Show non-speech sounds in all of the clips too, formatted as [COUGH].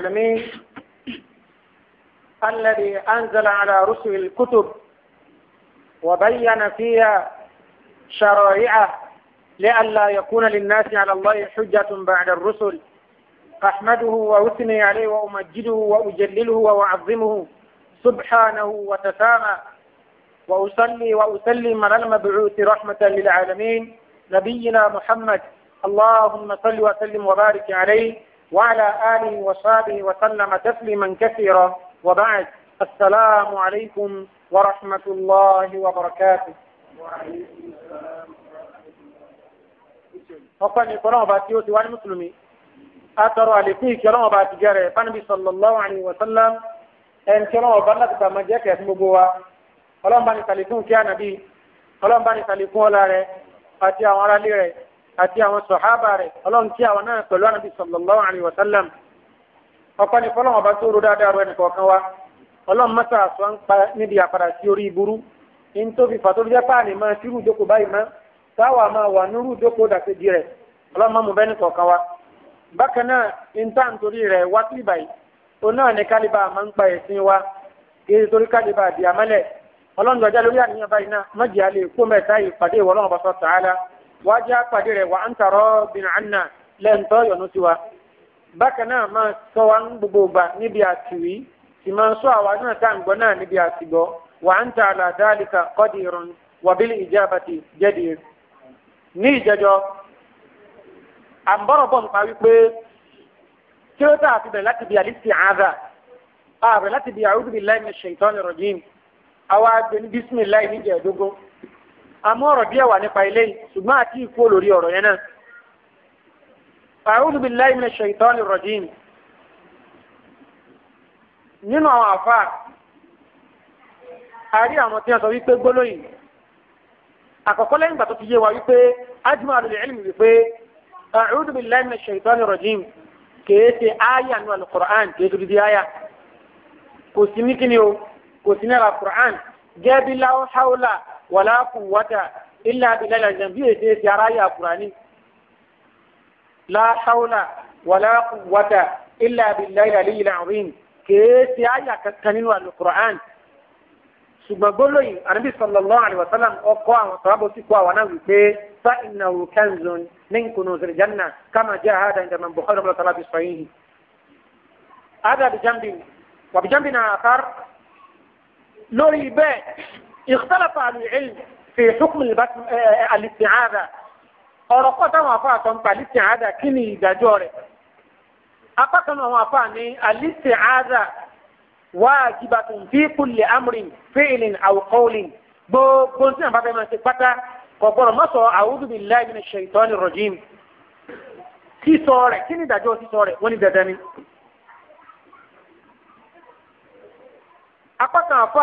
العالمين الذي أنزل على رسل الكتب وبين فيها شرائعه لئلا يكون للناس على الله حجة بعد الرسل أحمده وأثني عليه وأمجده وأجلله وأعظمه سبحانه وتسامى وأصلي وأسلم على المبعوث رحمة للعالمين نبينا محمد اللهم صل وسلم وبارك عليه وعلى آله وصحبه وسلم تسليما كثيرا وبعد السلام عليكم ورحمة الله وبركاته ọpẹ́ ní kọ́lọ́wọ́ bá tí ó ti wá ní mùsùlùmí àtọrọ àlékún ìkẹ́lọ́wọ́ bá ti gẹ̀rẹ̀ fánibí sallallahu alaihi wa sallam ẹn kẹ́lọ́wọ́ bá láti tàmà jẹ́ kẹ̀ fún gbogbo wa ọlọ́mbà ní sàlékún kí á nàbí ọlọ́mbà ní sàlékún ọlá rẹ̀ àti àwọn aráalé rẹ̀ àti àwọn sọ̀hábà rẹ̀ ọlọ́run tí àwọn náà pẹ̀lú ànábì sallallahu alaihi wasallam ọ̀pọ̀ ní fọlọ́n ọba tó ro dáadáa rẹ̀ nìkọ̀ọ̀kan wa ọlọ́run mọ́tà àṣọ ń pa níbi àpàdà sí orí ìburú ní tó fi fàtó jẹ́ páàlì máa sírù ìjókòó báyìí má táwa máa wà nírú ìjókòó dàkejì rẹ̀ ọlọ́run mọ́mú bẹ́ẹ̀ nìkọ̀ọ̀kan wa bákan náà ní tá à ń torí rẹ̀ wá sí ìbàyí òun náà ní kálíbà máa ń wa kì náà wájú àpàdé rẹ̀ wà á ń tàrọ́ bìnrin àná lẹ́ǹtọ́ yọ̀nù sí wa bákan náà máa sọ wa ń gbogbo gbà níbi àtiwí sì máa sọ àwa náà tá à ń gbọ́ náà níbi àtìgbọ́ wà ń tà àlà dáàlìkà kọ́dìrún wàbílì ìjábàtì jẹ́dìr ní ìjẹjọ́ à ń bọ̀rọ̀ bọ̀ nípa wípé kí ló láti bí àlìsí àádà ààrẹ láti bí a'udhu billahi minash shaitani rajim àwa gbé ní bísímìláì àmọ́ ọ̀rọ̀ díẹ̀ wà nípa ilé ṣùgbọ́n àti ìkú olórí ọ̀rọ̀ yẹn náà. A'udhu billahi minash shaitanir rajim. nínú àwọn àfa a rí àwọn tí wọ́n sọ wípé gbólóyìn àkọ́kọ́ lẹ́yìn ìgbà tó ti yé wa wípé ajmalul ilmi wípé a'udhu billahi minash shaitanir rajim kèése áyà nínú alukur'an kèése dídí áyà kò sí ní kíni o kò sí ní alukur'an gẹ́bí láwọ́ wala quwwata illa billahi al-azim bí èsì ara yà kúránì la hawla wala quwwata illa billahi al-aliyyil azim kéèsì àyà kankan nínú alukur'an ṣùgbọ́n gbólóyìn anabi sallallahu alayhi wa sallam ọkọ àwọn sọ́wọ́bù sì kó àwọn náà wípé fa innahu kanzun min kunuzil janna kama jẹ́ àádá ìjàmbá bukhari ọmọlá tàbí fi sọ́yìn yìí. àádá bìjàmbì wà bìjàmbì náà lórí bẹ́ẹ̀ اختلف على العلم في حكم الاستعاذة ọ̀rọ̀ pọ̀ táwọn afa àtọ̀ ń pa alisti'aza kí ni ìdájọ́ rẹ̀ apá kan náà àwọn afa ní alisti'aza wajibatun fi kulli amrin fi'lin aw qawlin gbogbo tí wọn bá fẹ́ máa ṣe pátá kọ̀gbọ́rọ̀ má sọ a'udhu billahi minash shaitani rrajim sísọ rẹ̀ kí ni ìdájọ́ sísọ rẹ̀ wọ́n ní dandan ni. apá kan afa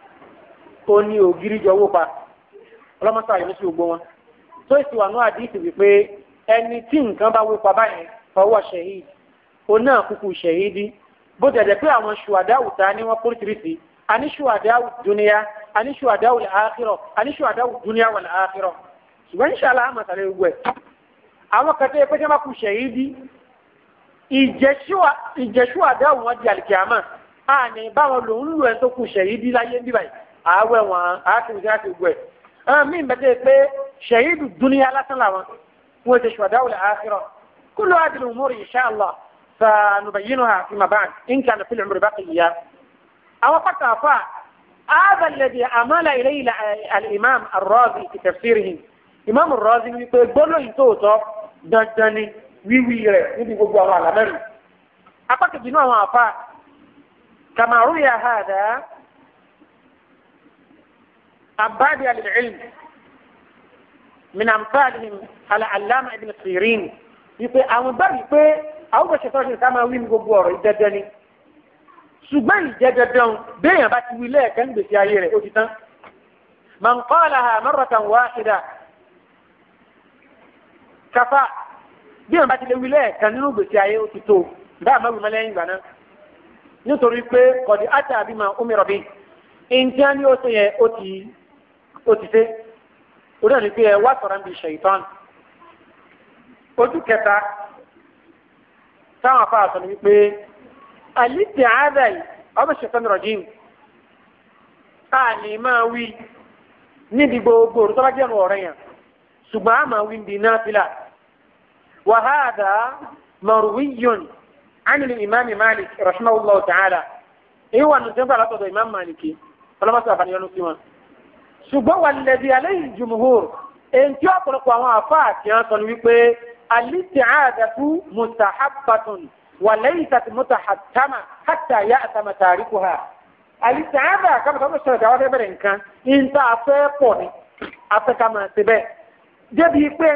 tó ní ògiri jọwọ́ pa ọlọ́mọsá yìí sí gbogbo wọn tó ìsì wà ní àdìsí wípé ẹni tí nǹkan bá wó pa báyìí fọwọ́ ṣẹ̀híd ó náà kúkú ṣẹ̀hídí bó dẹ̀dẹ̀ pé àwọn ṣùwàdáwù ta ni wọ́n póríṣiríṣi àní ṣùwàdáwù dúníyà àní ṣùwàdáwù làákìrọ̀ àní ṣùwàdáwù dúníyà wà làákìrọ̀ ṣùgbọ́n ìṣàlá àmọ̀tàlẹ́ gbogbo ẹ̀ àwọn kan tó yẹ pé kí wọ́n bá kú ṣẹ̀hídí wọn di àlìkìyàmọ̀ àní báwọn lòún lù ẹ̀ tó kú ṣẹ̀hídí láyé ń bíbáyìí àwẹ̀ wọn àákìrìsí àkìgbò ẹ̀ ẹ̀rọ mi mẹ́tẹ́ pé ṣẹ̀yìdù dúníyà lásán la wọn ti ṣùwàdà wọlé àákìrọ̀ kó ló àdìrò mọ́rì ìṣáàlá sànùbẹ̀yìnú ha fi màbá nǹkan àti fílẹ̀ mùrùbá kì í yá. àwọn pátá àfà هذا الذي أمال إليه الإمام الرازي في تفسيره إمام الرازي يقول له إن توتو دندني wíwí rẹ̀ níbi gbogbo àwọn àlámẹ́rin apá kejì náà àwọn àfa kàmàrú yà hàdá عباد أهل العلم من أمثالهم العلامة ابن سيرين يقول أو بابي àwọn bó ṣe sọ ṣe sáà máa wí ní gbogbo ọ̀rọ̀ ìdẹ́dẹ́ ni ṣùgbọ́n ìjẹ́dẹ́dẹ́ ń béèyàn bá ti wí lẹ́ẹ̀kan gbèsè ayé rẹ̀ ó ti tán man qalaha marratan wahida kafa béèyàn bá ti lè wí lẹ́ẹ̀kan nínú gbèsè ayé ó ti tó bá àmọ́ wìmọ́ lẹ́yìn ìgbà náà nítorí pé kọ̀dí átà bí ma ó mìíràn bí ìjẹ́ ni ó ṣe yẹn ó ti ó ti dé orí ẹni pé ẹ wá sọ̀rọ̀ níbi ṣèyítán ojú kẹta táwọn afáàsọ ni wípé àlítì àádà yìí ọmọ ṣètàn rọ̀jìn a lè máa wí níbi gbogbo òrùn tó bá jẹ́ ọ̀rẹ́ yẹn ṣùgbọ́n a máa wí níbi náfìlà wàhádà marwiyun anil imami malik rahimahullahu ta'ala èyí wà nù sẹ́ńtà látọ̀dọ̀ imam maliki ọlọ́mọsọ àbáníyanu sí wọn ṣùgbọ́n wà lẹ́bi aléyìn jùmùhùr èyí tí ọ̀pọ̀lọpọ̀ àwọn àfáà tí wọ́n sọ ní wípé alìtìhádàtú mùtàhábàtún wà lẹ́yìn tàbí mùtàhátàmà hátà yá àtàmà tàríkù ha. alìtìhádà kàmùtà ọ̀pọ̀ sọ̀rọ̀ àwọn afẹ́ bẹ̀rẹ̀ nǹkan ní ta afẹ́ pọ̀ ni afẹ́ ká máa ṣe bẹ́ẹ̀. débi pé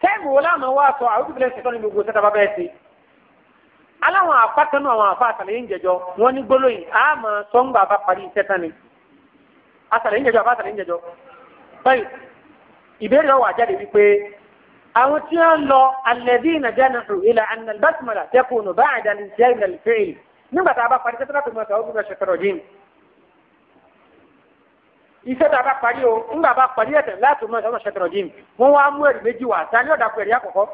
tẹ́ẹ̀mù wo láàmú wá sọ àwọn ìbílẹ̀ ṣẹ̀tọ́ ní gbogbo sẹ́ta bá bẹ́ẹ̀ sí. aláwọn apákanú àwọn àfa àtàlẹ́yìn jẹjọ wọn ní gbólóyìn àmọ́ sọ́ngbà bá parí iṣẹ́ tán ni àtàlẹ́yìn jẹjọ àbá àtàlẹ́yìn jẹjọ. báyìí ìbéèrè ọwọ́ àjáde wípé àwọn tí wọ́n lọ alẹ́bí ìnàjà náà ìlà ànàlbásímọ̀lá tẹ́kùnù bá àjà iṣẹ́ tá a bá parí o ńgbà bá parí ẹ̀tẹ̀ láti mọ ìṣọ́nà ṣẹtọ̀rọ̀ jíìmù wọ́n wá mú ẹ̀rí méjì wá ta ni ọ̀dà pẹ̀lú àkọ́kọ́.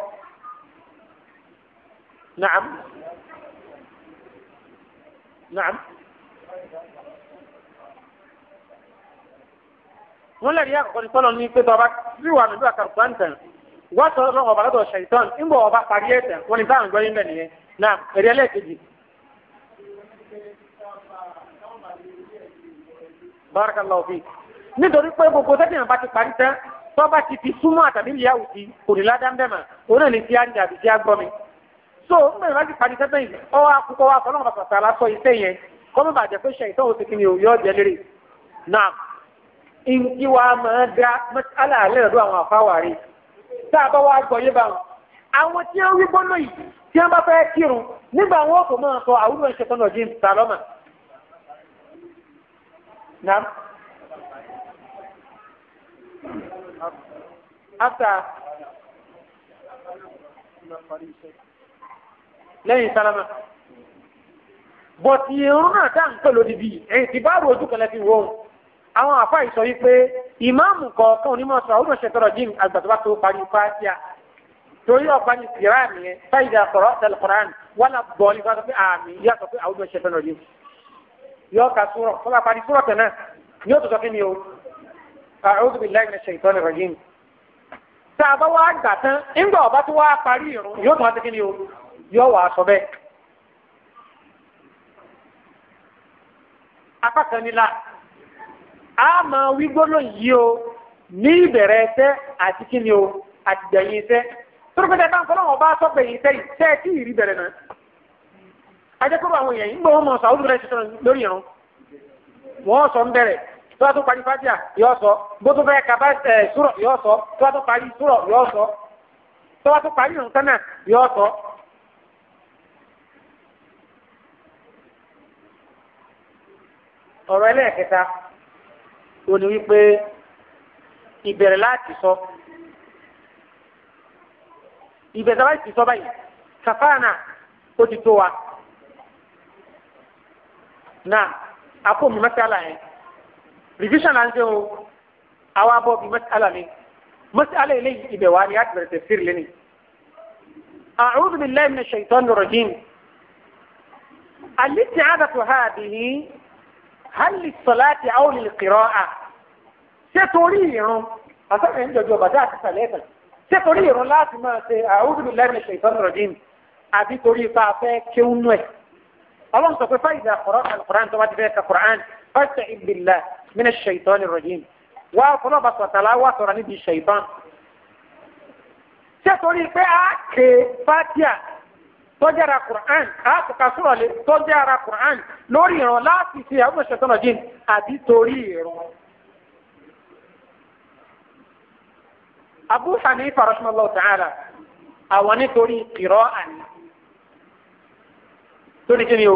Naam. Naam. wọ́n lẹ́rìí àkọ́kọ́ ní tọ́lọ́ ní pé tọ́ba tí wà nínú àkàrùkọ́ ń tàn wá sọ lọ́wọ́ ọba lọ́dọ̀ ṣàìtàn ńgbọ̀ ọba parí ẹ̀tẹ̀ wọ́n ní táwọn gbọ́yìn bẹ̀ nìyẹn Naam ẹ̀rí ẹlẹ́ẹ̀kejì. Barakallahu fiik nítorí pé gbogbo sẹ́tìmọ̀ bá ti parí tán tó bá ti fi súnmọ́ àtàbí ìyá òsì kò ní ládàá mbẹ́mà òun náà ní tí a ń jà tí a gbọ́ mi. so nígbà bá ti parí sẹ́tìmọ̀ yìí ọwọ́ akókò wa fọlọ́mọ bàtà aláṣọ iṣẹ́ yẹn kọ́mọ́ bàjẹ́ pé ṣe ìtọ́wò sí kíni òyọ́ jẹ lérè. náà ìǹkí wa máa dá aláàlẹ́ ọ̀dọ́ àwọn àfáwárí tá a bá wá gbọ́ yé bá wọn. àwọn tí wọ́n wí gbọ́nà yìí tí wọ́n bá fẹ́ kírun nígbà wọn kò máa sọ àwùjọ ìṣẹ̀tọ́nà jí after lẹ́yìn sálámà bọ̀tì irun náà dá ń pè lódìdí ẹ̀yìn tí bá rò ojú kan lẹ́fi wọ́n àwọn àfa ìsọ yìí pé ìmáàmù kọ̀ọ̀kan onímọ̀ sọ̀rọ̀ ọdún ṣètọ́rọ̀ jim àgbàtọ́bá tó parí fáṣíà torí ọ̀pá ni kìrán yẹn fáyidà sọ̀rọ̀ tẹ̀lé kọ̀rán wọ́n bọ̀ ní ká sọ pé àmì yá pé àwọn ọdún ṣètọ́rọ̀ jim yọ ká sọ̀rọ̀ tó parí sọ̀rọ̀ tẹ̀ náà yóò tó sọ A'udhu billahi minash shaitani rajim. tá a bá wá gbà tán nígbà ọba tó wá parí ìrún yóò tún wá tẹ́kí ni o yóò wá sọ bẹ́ẹ̀. apá kan nílá a máa wí gbólóhùn yìí o ní ìbẹ̀rẹ̀ ẹsẹ̀ àti kí ni o àti gbẹ̀yìn ẹsẹ̀ torókòtà bá ń fọlọ́ wọn bá sọ gbẹ̀yìn ẹsẹ̀ yìí tẹ́ ẹ tí ìrí bẹ̀rẹ̀ náà. ajẹ́kọ̀rọ̀ àwọn èèyàn ń gbọ́ wọn mọ̀ sàúdù rẹ̀ ṣiṣẹ́ lórí ìrún wọ́n sọ ń bẹ̀rẹ̀ tó bá tó parí fájà yóò sọ bó tó fẹ́ kaba ẹ̀ sùrọ̀ yóò sọ tó bá tó parí sùrọ̀ yóò sọ tó bá tó parí nǹkan náà yóò sọ. ọ̀rọ̀ ẹlẹ́ẹ̀kẹta ó ní wípé ìbẹ̀rẹ̀ láti sọ ìbẹ̀rẹ̀ láti sọ báyìí kàfáànà ó ti tó wa náà àpò mi mọ́tálà yẹn revision à ń ṣe o àwa bọ̀ bí mas'ala mi mas'ala eléyìí ibẹ̀ wà ní àti bẹ̀rẹ̀ tafsir lẹ́nu. a'udhu billahi minash shaitanir rajim. al-isti'adatu hadhihi hal lis-salati aw lil-qira'ah ṣé torí ìrun àtàkùn ìjọjọ bàtà àti sàlẹ́sà ṣé torí ìrun láti máa ṣe a'udhu billahi minash shaitanir rajim àbí torí ipa afẹ́ kéwúnú ẹ̀ ọlọ́run sọ pé fáìdà alukur'an tó bá ti fẹ́ ka kur'an fásitì ìbílẹ̀ mina ṣèyítọ́ni rọ̀jìn wá fọlọ́ba sọ̀tàlá wà sọ̀rọ̀ níbi ṣèyítọ́n. ṣé torí pé a ké fatia tọ́jára kur'an a kò ka sọ̀rọ̀ lé tọ́jára kur'an lórí ìran láti ṣe àwọn ọmọ ṣèyítọ́ni rọ̀jìn àbí torí ìran. Abu Hanifa rahmanulahu ta'ala àwọn nítorí kìrọ́ àná torí kí ni o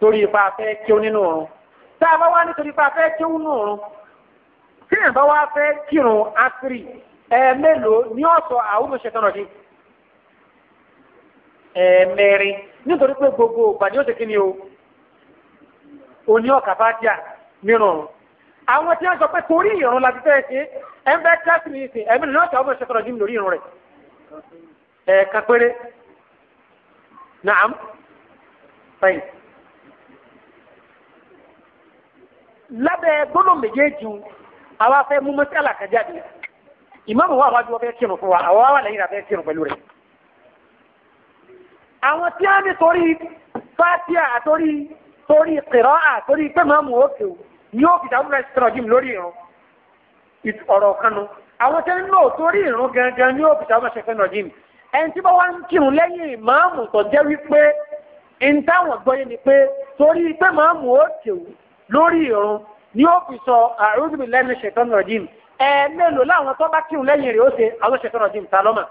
torí ipa afẹ́ kí ó nínú ọ̀run tá a bá wá nítorí ipa afẹ́ kí ó nínú ọ̀run tí èèyàn bá wá fẹ́ kírun asiri ẹ̀ẹ́mẹ́lòó ní ọ̀sọ̀ àwùjọ ṣetán ọ̀dí ẹ̀ẹ́mẹ́rin nítorí pé gbogbo ìgbàdí ó ṣe kí ni o òní ọ̀kà bá díà mìíràn àwọn tí wọ́n sọ pé torí ìrún la ti fẹ́ ṣe ẹ̀ ń bẹ́ kíláàsì mi ṣe ẹ̀ẹ́mẹ́lòó ní ọ̀sọ̀ àwùjọ ṣetán ọ̀dí lórí ìrún rẹ̀ ẹ̀ẹ́kan péré sẹ́yìn. lábẹ́ gbólóhùn méjèèjì àwa fẹ́ mú mọ́sálà kan jáde ìmáàmù wa wájú ọfẹ́ kírun fún wa àwa wà lẹ́yìn àfẹ́ kírun pẹ̀lú rẹ̀. àwọn tí a ní torí fátíà àtórí torí kìrọ́ àtórí pé màmú òkè o ni ó fi dáhùn rẹ̀ sọ̀rọ̀ jìm lórí ìrún ọ̀rọ̀ kanu àwọn tẹ́lẹ̀ náà torí ìrún gangan ni ó fi rẹ̀ sọ̀rọ̀ jìm ẹni tí bá wá ń kírun lẹ́yìn ìmáàmù tó jẹ́ wípé ìntàwọn gbọ́yé ni pé torí pé máa mú ó tèwú lórí ìrun ni ó fi sọ a'udhu billahi minash shaitanir rajim ẹ̀ẹ́mẹ́lò láwọn tó bá kírun lẹ́yìn rẹ̀ ó ṣe àwọn shaitanir rajim ta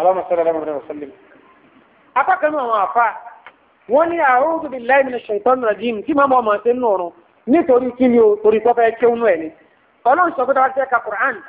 اللهم صل على محمد وسلم apá kan náà àwọn àfa wọ́n ní a'udhu billahi minash shaitanir rajim tí màmá ọmọ ṣe ń nùrùn nítorí kí ni o torí kọ́ fẹ́ kéwú nù ẹ̀ ni ọlọ́run sọ pé dáwọ́ jẹ́ ka Qur'an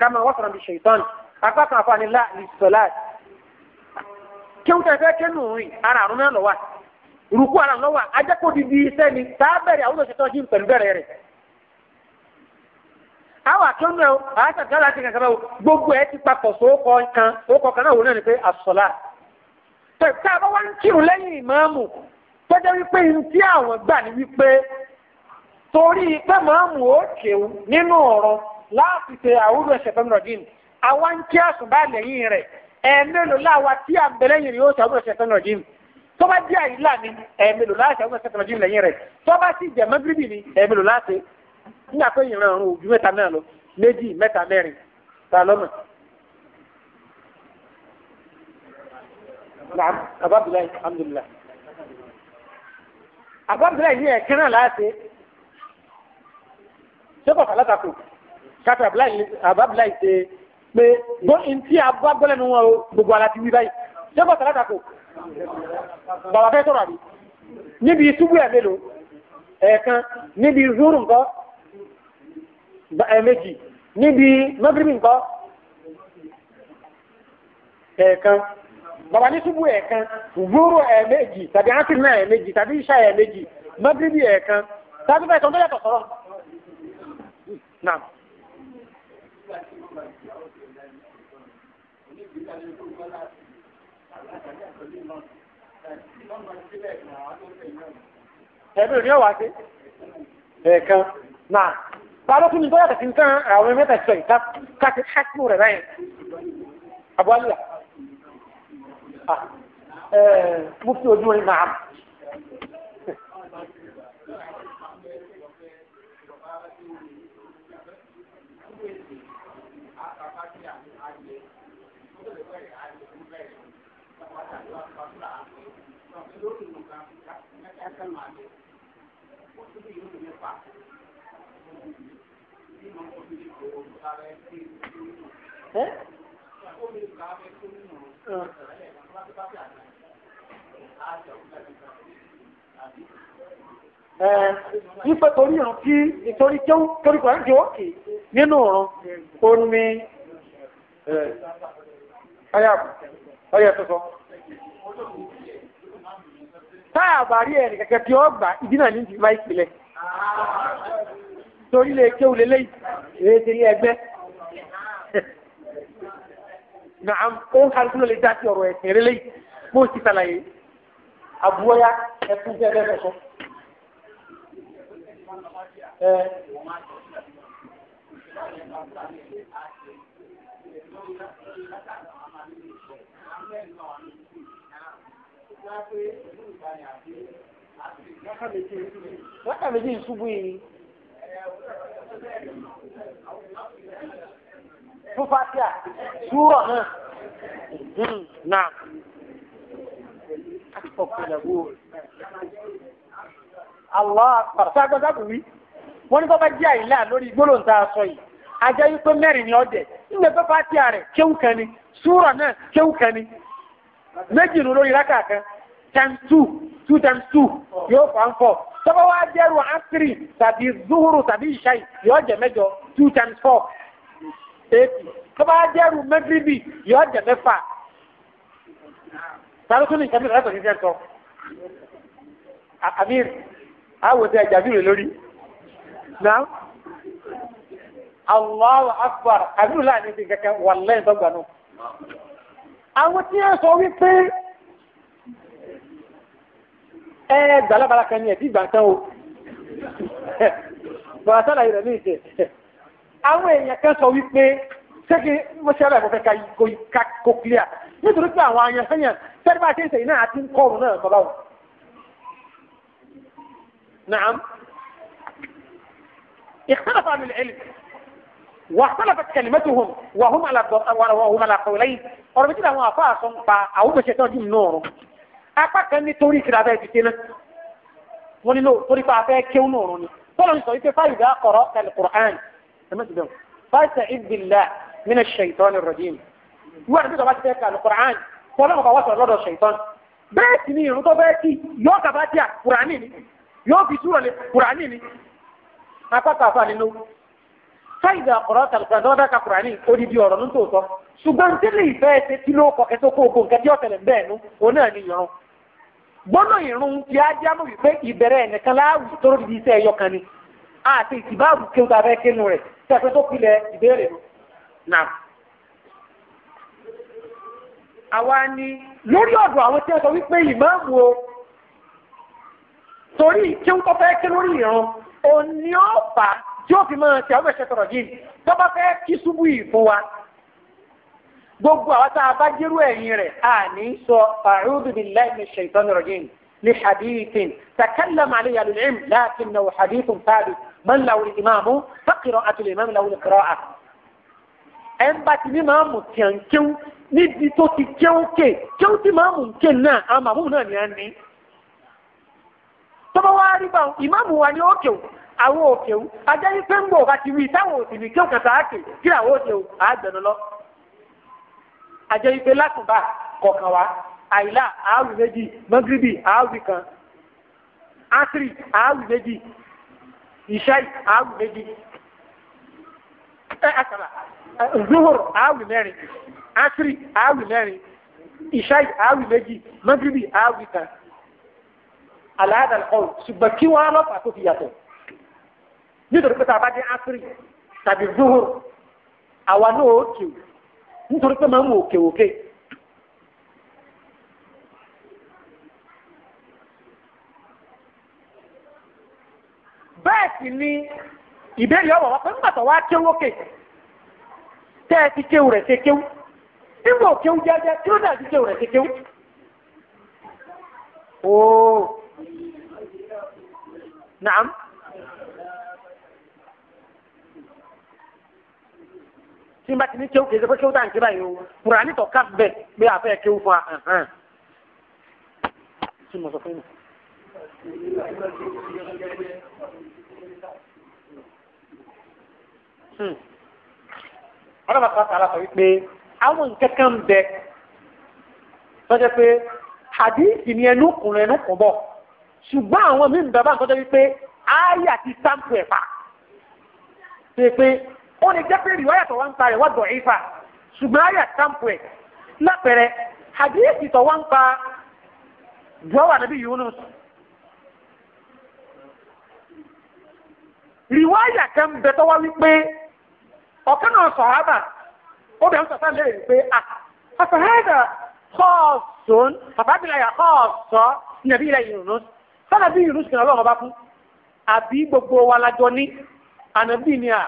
gbogbo ẹ ti papọ̀ sókọ̀ kan náà wò náà ni pé àsọ̀lá tá a bá wá ń kírun lẹ́yìn ìmáàmù tó jẹ́ wípé ní tí àwọn gbà ní wípé torí pé màámù ó kéwù nínú ọ̀rọ̀ láti ṣe àwùjọ ẹ̀ṣẹ̀ fẹ́mi rọ̀dín àwa ń kí àsùnbà lẹ́yìn rẹ̀ ẹ̀ẹ́mẹ́lò láwa tí à ń bẹ lẹ́yìn rẹ̀ yóò ṣe àwùjọ ẹ̀ṣẹ̀ fẹ́mi rọ̀dín tó bá jẹ́ àyílà ni ẹ̀ẹ́mẹ́lò láti àwùjọ ẹ̀ṣẹ̀ fẹ́mi rọ̀dín lẹ́yìn rẹ̀ tó bá sì jẹ́ mẹ́gírìbì ni ẹ̀ẹ́mẹ́lò láti nígbà pé ìran ọ̀run òbí mẹ́ta náà lọ méjì mẹ́ta mẹ́rin ta lọ́nà Naam, Abu Abdullahi, alhamdulillah. Abu Abdullahi ní ẹ̀kẹ́ náà láti ṣé kọ̀ kàlákàkù ṣáfẹ́ Abu Abdullahi ṣe pé bó ń tí abọ́ agbọ́lẹ̀ nu wọn o gbogbo ara ti wí báyìí ṣé kọ̀ kàlákàkù bàbá fẹ́ sọ̀rọ̀ àbí níbi ìṣubú ẹ̀ mélòó ẹ̀ẹ̀kan níbi zuru nǹkan ẹ̀ẹ̀mejì níbi mọ́gírìbì nǹkan ẹ̀ẹ̀kan bàbá ní ṣubú ẹ̀ẹ̀kan wúrò ẹ̀ẹ̀méjì tàbí ásìrì náà ẹ̀ẹ̀méjì tàbí iṣẹ́ ẹ̀ẹ̀méjì mọ́gíríbì ẹ̀ẹ̀kan tàbí bẹ́ẹ̀ tó ń tó yàtọ̀ sọ̀rọ̀ náà. ẹ̀bí òní ọ̀wá sí ẹ̀ẹ̀kan náà báwo tún ní tó yàtọ̀ sí nǹkan àwọn mẹ́tẹ̀ẹ̀sọ̀ yìí ká ti ṣáàkì rẹ̀ báyìí abúlé Ah, eh, mufti ojú orin náà. Eh? Yípe torí ìrùn kí ìtorí jẹ́ torí kò ẹ́jẹ́ òkè nínú ọ̀run oorun mi ọyà tuntun. Táà bá rí ẹ̀rìn kẹ̀kẹ́ tí ó gbà ìdínà ní ìdílá ìpìlẹ̀. Torí lè kéwù lélẹ́yìn, èé nàá ó ń kárí kúló lè dá sí ọ̀rọ̀ ẹ̀sìn erélé bó ti sàlàyé àbúrọ́yá ẹkún fẹ́ bẹ́ẹ̀ sọ. Wákàtí méjì ìṣubú yìí fún fatia súrọ̀ náà. Hmm, náà akọ̀kọ̀lẹ̀wò Allah pàṣágbọ́sá kò wí wọ́n ní bọ́bá jẹ́ àìlá lórí gbólóǹta sọ yìí ajá yìí pé mẹ́rin ni ọ̀dẹ̀ nígbà tó fatia rẹ̀ kéwù kan ni súrọ̀ náà kéwù kan ni méjì nù lórí rákà kan times two two times two yóò fà ń fọ̀ tọ́bọ̀ wá jẹ́rù asiri tàbí zuhuru tàbí ìṣáì yóò jẹ́ mẹ́jọ two times four èèpì tó bá jẹ́rù mẹ́gírìbì yọ jẹ mẹ́fà tàbí tó ní ìkàmì rẹ̀ tọ̀sí sẹ́ńtọ̀ àmìr àwòtẹ́ ìjàbìrì lórí náà Allahu akbar àbúrò láàrin ti kẹ̀kẹ́ wà lẹ́yìn tó gbanú. àwọn tí ẹ sọ wípé ẹ gbàlábàlá kan ní ẹ̀ tí ìgbà tán o [LAUGHS] bọ̀dá sálàyé rẹ̀ ní ìṣe [LAUGHS] àwọn èèyàn kan sọ wípé ṣéke mọ́ṣálà ìbọ̀fẹ́ ká kó clear nítorí pé àwọn àyànfẹ́yàn sẹ́ni bá ṣe ń sẹ́yìn náà àti ń kọ́rùn náà bàbá wọn. نعم اختلف أهل العلم واختلفت كلمتهم وهم على وهم على قولين ọ̀rọ̀ méjìlá àwọn àfa àsọ̀n pa àwọn òṣèṣẹ́ tó dìm náà rún apá kan ní torí ìṣẹ̀lẹ̀ abẹ́ ti tẹ́lẹ̀ wọ́n nílò torí pa afẹ́ kéwù náà rún ni tọ́lọ́ ní sọ wípé fáyidá kọ̀rọ̀ kẹlẹ̀ kùrán ẹ̀mẹ́sì bẹ́ẹ̀ fasta'idh billahi minash shaitani rrajim wíwá ní sọ́kà bá ti fẹ́ ka alukur'an fọlọ́ mọ̀ká wá sọ̀rọ̀ lọ́dọ̀ ṣèitán bẹ́ẹ̀ sì ni ìrún tó bẹ́ẹ̀ kí yóò kà bá ti à kùránì ni yóò fi túrọ̀ lé kùránì ni apákà fà nínú fáìdà ọ̀rọ̀ tàlùkùrán tó bẹ́ẹ̀ ka kùránì odidi ọ̀rọ̀ ní tòótọ́ ṣùgbọ́n tẹ́lẹ̀ ìfẹ́ ẹsẹ̀ tí ló kọ kẹtó kókó nǹkan tí ọ̀tẹ̀lẹ̀ bẹ́ẹ̀ nu òun náà ni ìrún gbọ́nà ìrún ti á já mọ́ wípé ìbẹ̀rẹ̀ ẹ̀nìkan láàwù tó rí iṣẹ́ ẹyọ kan ni àti ìtìbáàbù kéwù tá a fẹ́ kéwù rẹ̀ tẹ̀sán tó pilẹ̀ ìbéèrè nù. Nà. Àwa ni lórí ọ̀dọ̀ àwọn tí wọ́n sọ wípé ìmáàmù o torí kí ń kọ́ fẹ́ kí lórí ìran òní ọ̀fà tí ó fi máa ṣe àwọn ẹ̀ṣẹ̀ tọ̀rọ̀ yìí tó bá fẹ́ kí ṣubú yìí fún wa. Gbogbo àwọn tá a bá jẹ́rú ẹ̀yìn rẹ̀ àní sọ a'udhu billahi minash shaitanir rajim. لحديث تكلم عليه أهل العلم لكنه حديث ثابت من له الإمام فقراءة الإمام له القراءة ẹn bá ti ní máa mú tiẹ̀n kéwú níbi tó ti kéwú ké kéwú ti máa mú ké náà àwọn màmú náà ni a ní. tọ́ba wá rí bá ìmáàmù wa ni ó kéwú àwọn ò kéwú ajá yín pé ń bọ̀ bá ti wí táwọn ò ní kéwú kàtà ákè kí àwọn ò kéwú àgbẹ̀nu lọ. ajá yín pé látùbà kọ̀ọ̀kan wa àìlà àáwì méjì mọ́gíríbì àáwì kan ásírì àáwì méjì ìṣáì àáwì méjì ẹ àkàrà zuhur àáwì mẹ́rin ásírì àáwì mẹ́rin ìṣáì àáwì méjì mọ́gíríbì àáwì kan aláàdà ọ̀hún ṣùgbọ́n kí wọ́n á lọ́pàá tó fi yàtọ̀ nítorí pé tá a bá dé ásírì tàbí zuhur àwa náà ó kì nítorí pé máa ń wò òkè bẹ́ẹ̀ sì ni ìbéèrè ọ̀wọ̀ wá pé wá kéwú òkè tẹ́ ẹ ti kéwú rẹ̀ ṣe kéwú nígbà òkéwú jẹ́jẹ́ kí ló dà sí kéwú rẹ̀ ṣe kéwú. ooo naam. tí n bá ti ní kéwú kéde kéwú tá n o kùránì tọ̀ káf bẹ̀ bí a fẹ́ kéwú fún wa. tí mo sọ fún mi. Hmm. ọlọ́pàá kan sàrà sọ wípé àwọn nǹkan kan ń bẹ tọ́jọ́ pé hadith ni ẹnu kùn ẹnu kùn bọ̀ ṣùgbọ́n àwọn míì ń bẹ báyìí tọ́jọ́ wípé ayé àti sáǹpù ẹ̀ pa ṣe pé ó lè jẹ́ pé rìwáyà tó wá ń pa rẹ̀ wá dọ̀ ìfà ṣùgbọ́n ayé àti sáǹpù ẹ̀ lápẹ̀rẹ̀ hadith tó wá ń pa dùwọ́wà nàbí Yunus rìwáyà kan bẹ tọ́wọ́ wípé ọ̀kan náà sọ̀hábà ó bẹ̀rẹ̀ sọ̀tà lè rí pé àfẹ́hẹ́dà kọ́ọ̀sùn àbábìláyà kọ́ọ̀sọ́ nàbí ilẹ̀ Yunus sọ́nà bí Yunus kìnnà ọlọ́run bá fún àbí gbogbo wa lájọ ní ànàbí ni à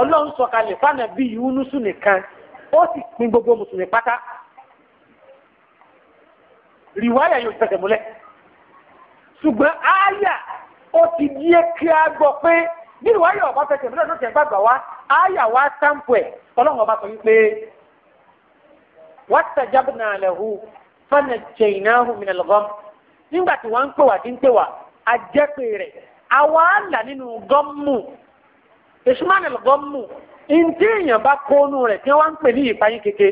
ọlọ́run sọ̀kalẹ̀ fànàbí Yunus nìkan ó sì pin gbogbo mùsùlùmí pátá rìwáyà yóò tẹ̀sẹ̀ múlẹ̀ ṣùgbọ́n ááyà ó ti díẹ̀ kí á gbọ́ pé nínú wáyé ọba fẹsẹ̀ mílíọ̀nù tẹ̀ gbàgbà wá àyà wá sáǹpù ẹ̀ ọlọ́run ọba sọ wípé wastajabna lahu fanajjaynahu minal gham nígbà tí wọ́n ń pè wá tí ń pè wá àjẹpè rẹ̀ àwa là nínú gọ́mù ìṣúmánì gọ́mù ntí èèyàn bá kónú rẹ̀ tí wọ́n ń pè ní ìpayín kéke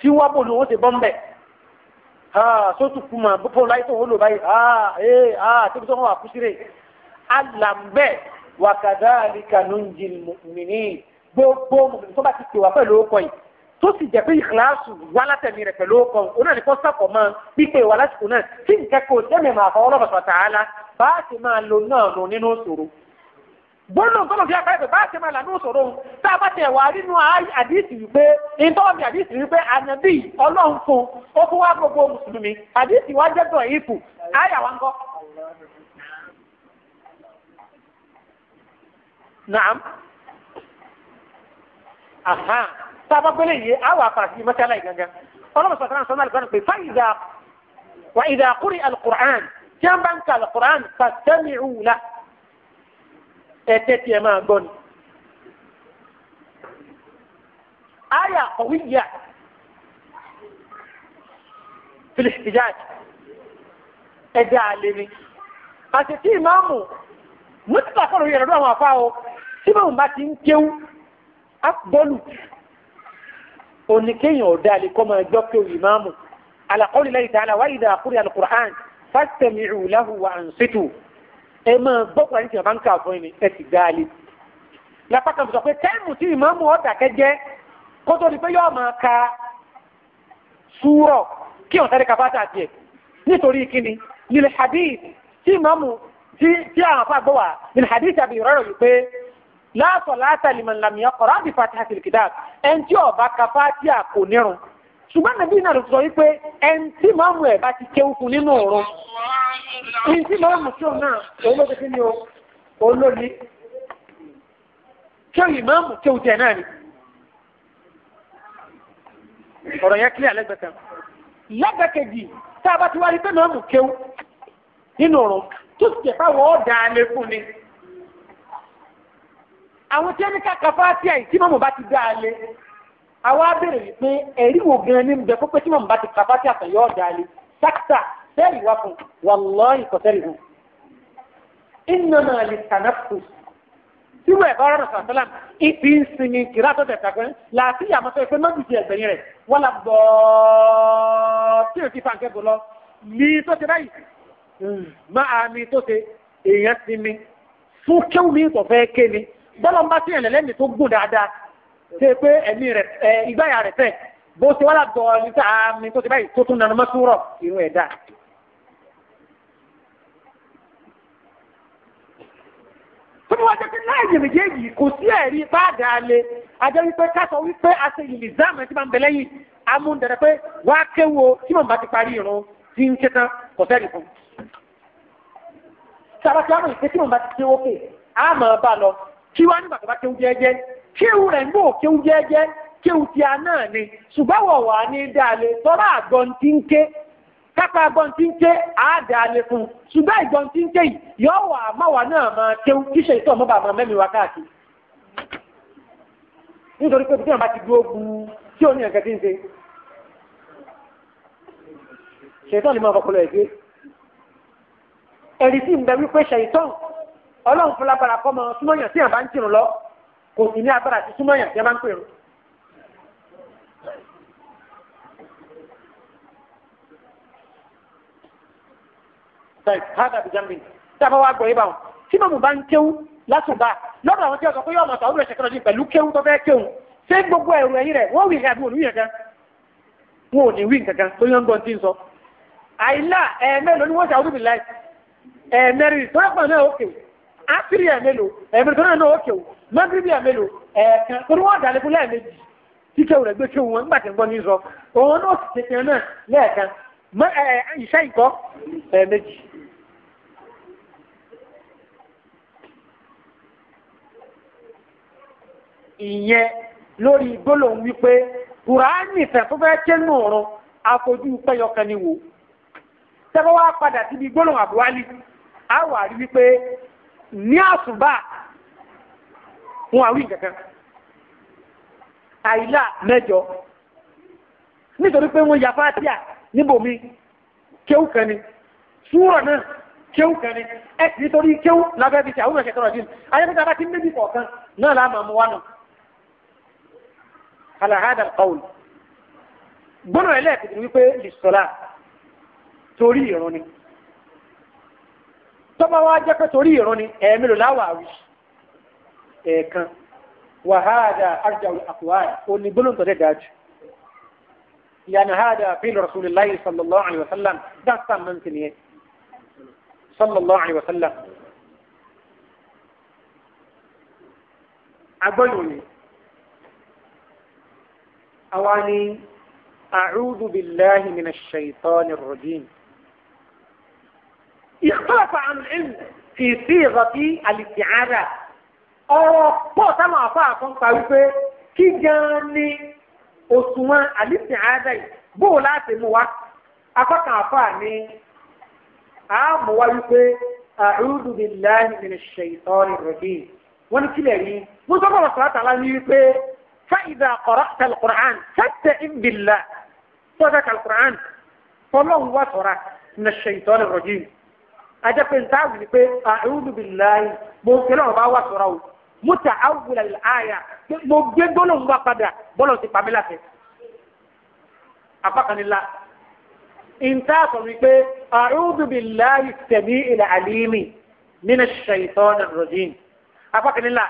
tí wọ́n bò ní wọ́n ti bọ́ mbẹ́ sótù kùmà bó alàmbẹ́ wàkàdáàlìkà ló ń jin mùmìnì gbogbo mùmìnì tó bá ti pè wá pẹ̀lú ọkọ̀ yìí tó sì jẹ́ pé ìkìláàsù wá látẹ̀mí rẹ̀ pẹ̀lú ọkọ̀ òun náà ní kó sàpọ̀ mọ́ pípé wá lásìkò náà tí nǹkan kò sẹ́mi máa fọwọ́ lọ́wọ́ sọ̀tà á máa lo náà lò nínú ìṣòro gbọ́dọ̀ gbọ́dọ̀ fi àkàrà pé bá a ṣe máa òṣòro ń tá a bá tẹ̀ wá nínú àdìsí wípé ìtọ́ọ̀mì àdìsí wípé ànàbí ọlọ́run fún ó fún wá gbogbo mùsùlùmí àdìsí wá jẹ́ naam aha sábà gbélé yìí àwọn àfàràsí mọ́tálá yìí gangan ọlọ́mọ sọ̀tàn sọ́nà àlùkò pé fáyidà wà ìdá kúrì alukur'an tí wọ́n bá ń ka alukur'an fàtẹ́mi ìwúlá ẹ̀tẹ́ tiẹ̀ máa gbọ́ ni. آية قوية في الاحتجاج ẹ̀dá àlè ni àti tí ìmáàmù mú títà fọ́nà yẹ̀rọ náà wà fáwọn tí báwọn bá ti ń kéwú afdọ́lù oníkéèyàn ọ̀dà lè kọ́ máa gbọ́ kéwú ìmáàmù ala qawli Allahi ta'ala wa idha quri'a al-Qur'an fastami'u lahu wa ansitu ẹ máa gbọ́ kúrò àti ìjọba ń kà fún ẹni ẹ ti dáálé lápá kan sọ pé táìmù tí ìmáàmù ọ̀dà kẹjẹ kó tó di pé yóò máa ka súrọ̀ kí wọ́n sáré kafáta tiẹ̀ nítorí kíni nílẹ̀ hadith tí ìmáàmù tí àwọn afá gbọ́ wà nílẹ̀ hadith àbí ìrọ̀rọ̀ yìí pé láàtọ̀ látàlí man lam yaqra bi fatihatil kitab ẹni tí ó bá ka fatiha kò nírun ṣùgbọ́n nàbí náà ló sọ wípé ẹni tí màmú ẹ̀ bá ti kéwù fún nínú ọ̀run ẹni tí màmú tí òun náà òun ló ti fi ní o ló ní tí òun ìmáàmù tí òun tẹ̀ náà ni ọ̀rọ̀ yẹn kílẹ̀ lẹ́gbẹ̀ẹ́ kan tá a bá ti wá rí pé màmú kéwù nínú ọ̀run tó sì jẹ́ fáwọn ọ̀dà alẹ́ fún ni àwọn tí wọ́n ní káka fátíà yìí tí mọ̀mọ́ bá ti dá a lé àwa béèrè wípé ẹ̀rí wo gan ni bẹ pé tí mọ̀mọ́ bá ti káka fátíà tán yóò dá a lé sákítà sẹ́ẹ̀rì wá fún wàlọ́ọ̀yì kọ́sẹ́rì hù ìnana lè tànáfù tí wọ́n ẹ̀bá ọ̀rọ̀ sàtọ́lá ìfi ń sinmi kìlá tó tẹ̀sà pé làásì àmọ́tọ́ ìpé má dùjì ẹ̀gbẹ̀yìn rẹ̀ wọ́n la bọ́lá ń bá sí ẹ̀lẹ́lẹ́ mi tó gùn dáadáa ṣe pé ẹ̀mí rẹ̀ ẹ̀ ìgbáyà rẹ̀ fẹ̀ bó ṣe wá lágbọ̀ níta mi tó ti báyìí tó tún nanu mọ́túrọ̀ irun ẹ̀dá. tó bí wọ́n jẹ́ pé láàyè méjèèjì kò sí ẹ̀rí bá dáa lé ajẹ́ wípé káṣọ wípé a ṣe ìlì záàmù tí máa ń bẹ lẹ́yìn amúndẹ̀rẹ̀ pé wá kéwo tí màmá ti parí irun tí ń ṣe tán kò sẹ́ni fún. sábà tí wọ́n mọ̀ ìpè tí màmá ti ṣe wókè á mọ̀ ọ́ bá lọ kí wá nígbà tó bá kéwú jẹ́jẹ́ kéwú rẹ̀ ń bò kéwú jẹ́jẹ́ kéwú ti a náà ni ṣùgbọ́n wọ̀ wá ní dáalé tọ́lá àgbọn tí ń ké kápá àgbọn tí ń ké á dáalé fún ṣùgbọ́n ìgbọn tí ń ké yìí yọ wà má wà náà máa kéwú kí ṣe ìtọ́ mọ́bà máa mẹ́mi wá káàkiri nítorí pé bí wọ́n ti dúró bu tí ò ní ẹ̀kẹ́ tí ń ṣe ṣètọ́ ni mo ọkọ̀ ọlọ́run fún lágbára kọ́ mọ súnmọ́yàn tí yàn bá ń kírun lọ kò sì ní agbára àti súnmọ́yàn tí yàn bá ń pèrò. hada bi jambi taba wa gbọ́ yìí báwọn tí mọ̀mù bá ń kéwú látùbà lọ́dọ̀ àwọn tí wọ́n sọ pé yóò mọ̀ sàwọn olùrẹ̀ṣẹ̀ kọ́lọ́dún pẹ̀lú kéwú tó fẹ́ kéwú ṣé gbogbo ẹ̀rù ẹ̀yìn rẹ̀ wọ́n wí nǹkan àbí òní nǹkan wọn ò ní wí nǹkan tó yàn gbọ́n tí ń sọ. àìlà ẹ̀ẹ̀mẹ́rin ló ní wọ́n ṣàwọn olùbìláì ẹ̀ẹ̀mẹ́rin tó rẹ̀ pọ̀ náà ó kéwú asiri ẹ̀ melo ẹ̀mí tó náà náà ó kéwù magrebi melo mélòó kan torí wọ́n dà lẹ́kùn lẹ́ẹ̀mejì tí kéwù rẹ̀ gbé kéwù wọn nígbà tí ní sọ òun náà sì tètè náà lẹ́ẹ̀kan ìṣe ìkọ́ ẹ̀ẹ̀mejì. ìyẹn lórí gbólóhùn wípé kùránì afojú ni wò padà síbi gbólóhùn ní àsùbà wọn àwí kankan àìlà mẹ́jọ nítorí pé wọ́n ya fátíà níbòmí kéwù kan ni súrà náà kéwù kan ni ẹ sì nítorí kéwù lábẹ́ bíi ti àwọn ìṣẹ̀kẹ́ rọ̀ dínú ayélujára bá ti ń débi kọ̀ọ̀kan náà láàmà tọ́ba wa jẹ́ pé torí ìran ni ẹ̀ẹ́mẹ́lò láwàáwí ẹ̀ẹ̀kan wàhádà arjà àkùwárà ó ní gbólóǹtọ̀ dẹ̀ dájú ìyànà hádà fílù rasulillahi sallallahu alaihi wasallam dáta mọ́ǹtì nìyẹn sallallahu alaihi wasallam agbọ́yò ni àwa ni a'udhu اختلف عن العلم في صيغة الاستعارة ọ̀rọ̀ pọ̀ táwọn àfáà kan pa wípé kí gan-an ni òṣùwọ̀n àlìsìnàádà yìí bóò láti mú wa akọ́kàn àfáà ni a mú wa wípé a'udhu billahi minash shaytanir rajim wọ́n ní kílẹ̀ yìí wọ́n sọ́kọ̀ wọ́n sọ́kọ̀ tààlà ní wípé fa idha qara'ta al-Qur'an fasta'idh billah sọ́kọ̀ kàlùkùrán fọlọ́hùn wà sọ́ra minash shaytanir rajim ajẹ́pẹ́ ntáàbù ni pé a'udhu billahi mo ń kẹ́lẹ́ ọ̀bá wà sọ̀rọ̀ o mo ta awùlà àyà mo gbé gbólóhùn wá padà bọ́lọ̀ ti pàmí láti. apákanilá ntáàbù ni pé a'udhu billahi as-sami'il 'alimi minash shaytanir rajim apákanilá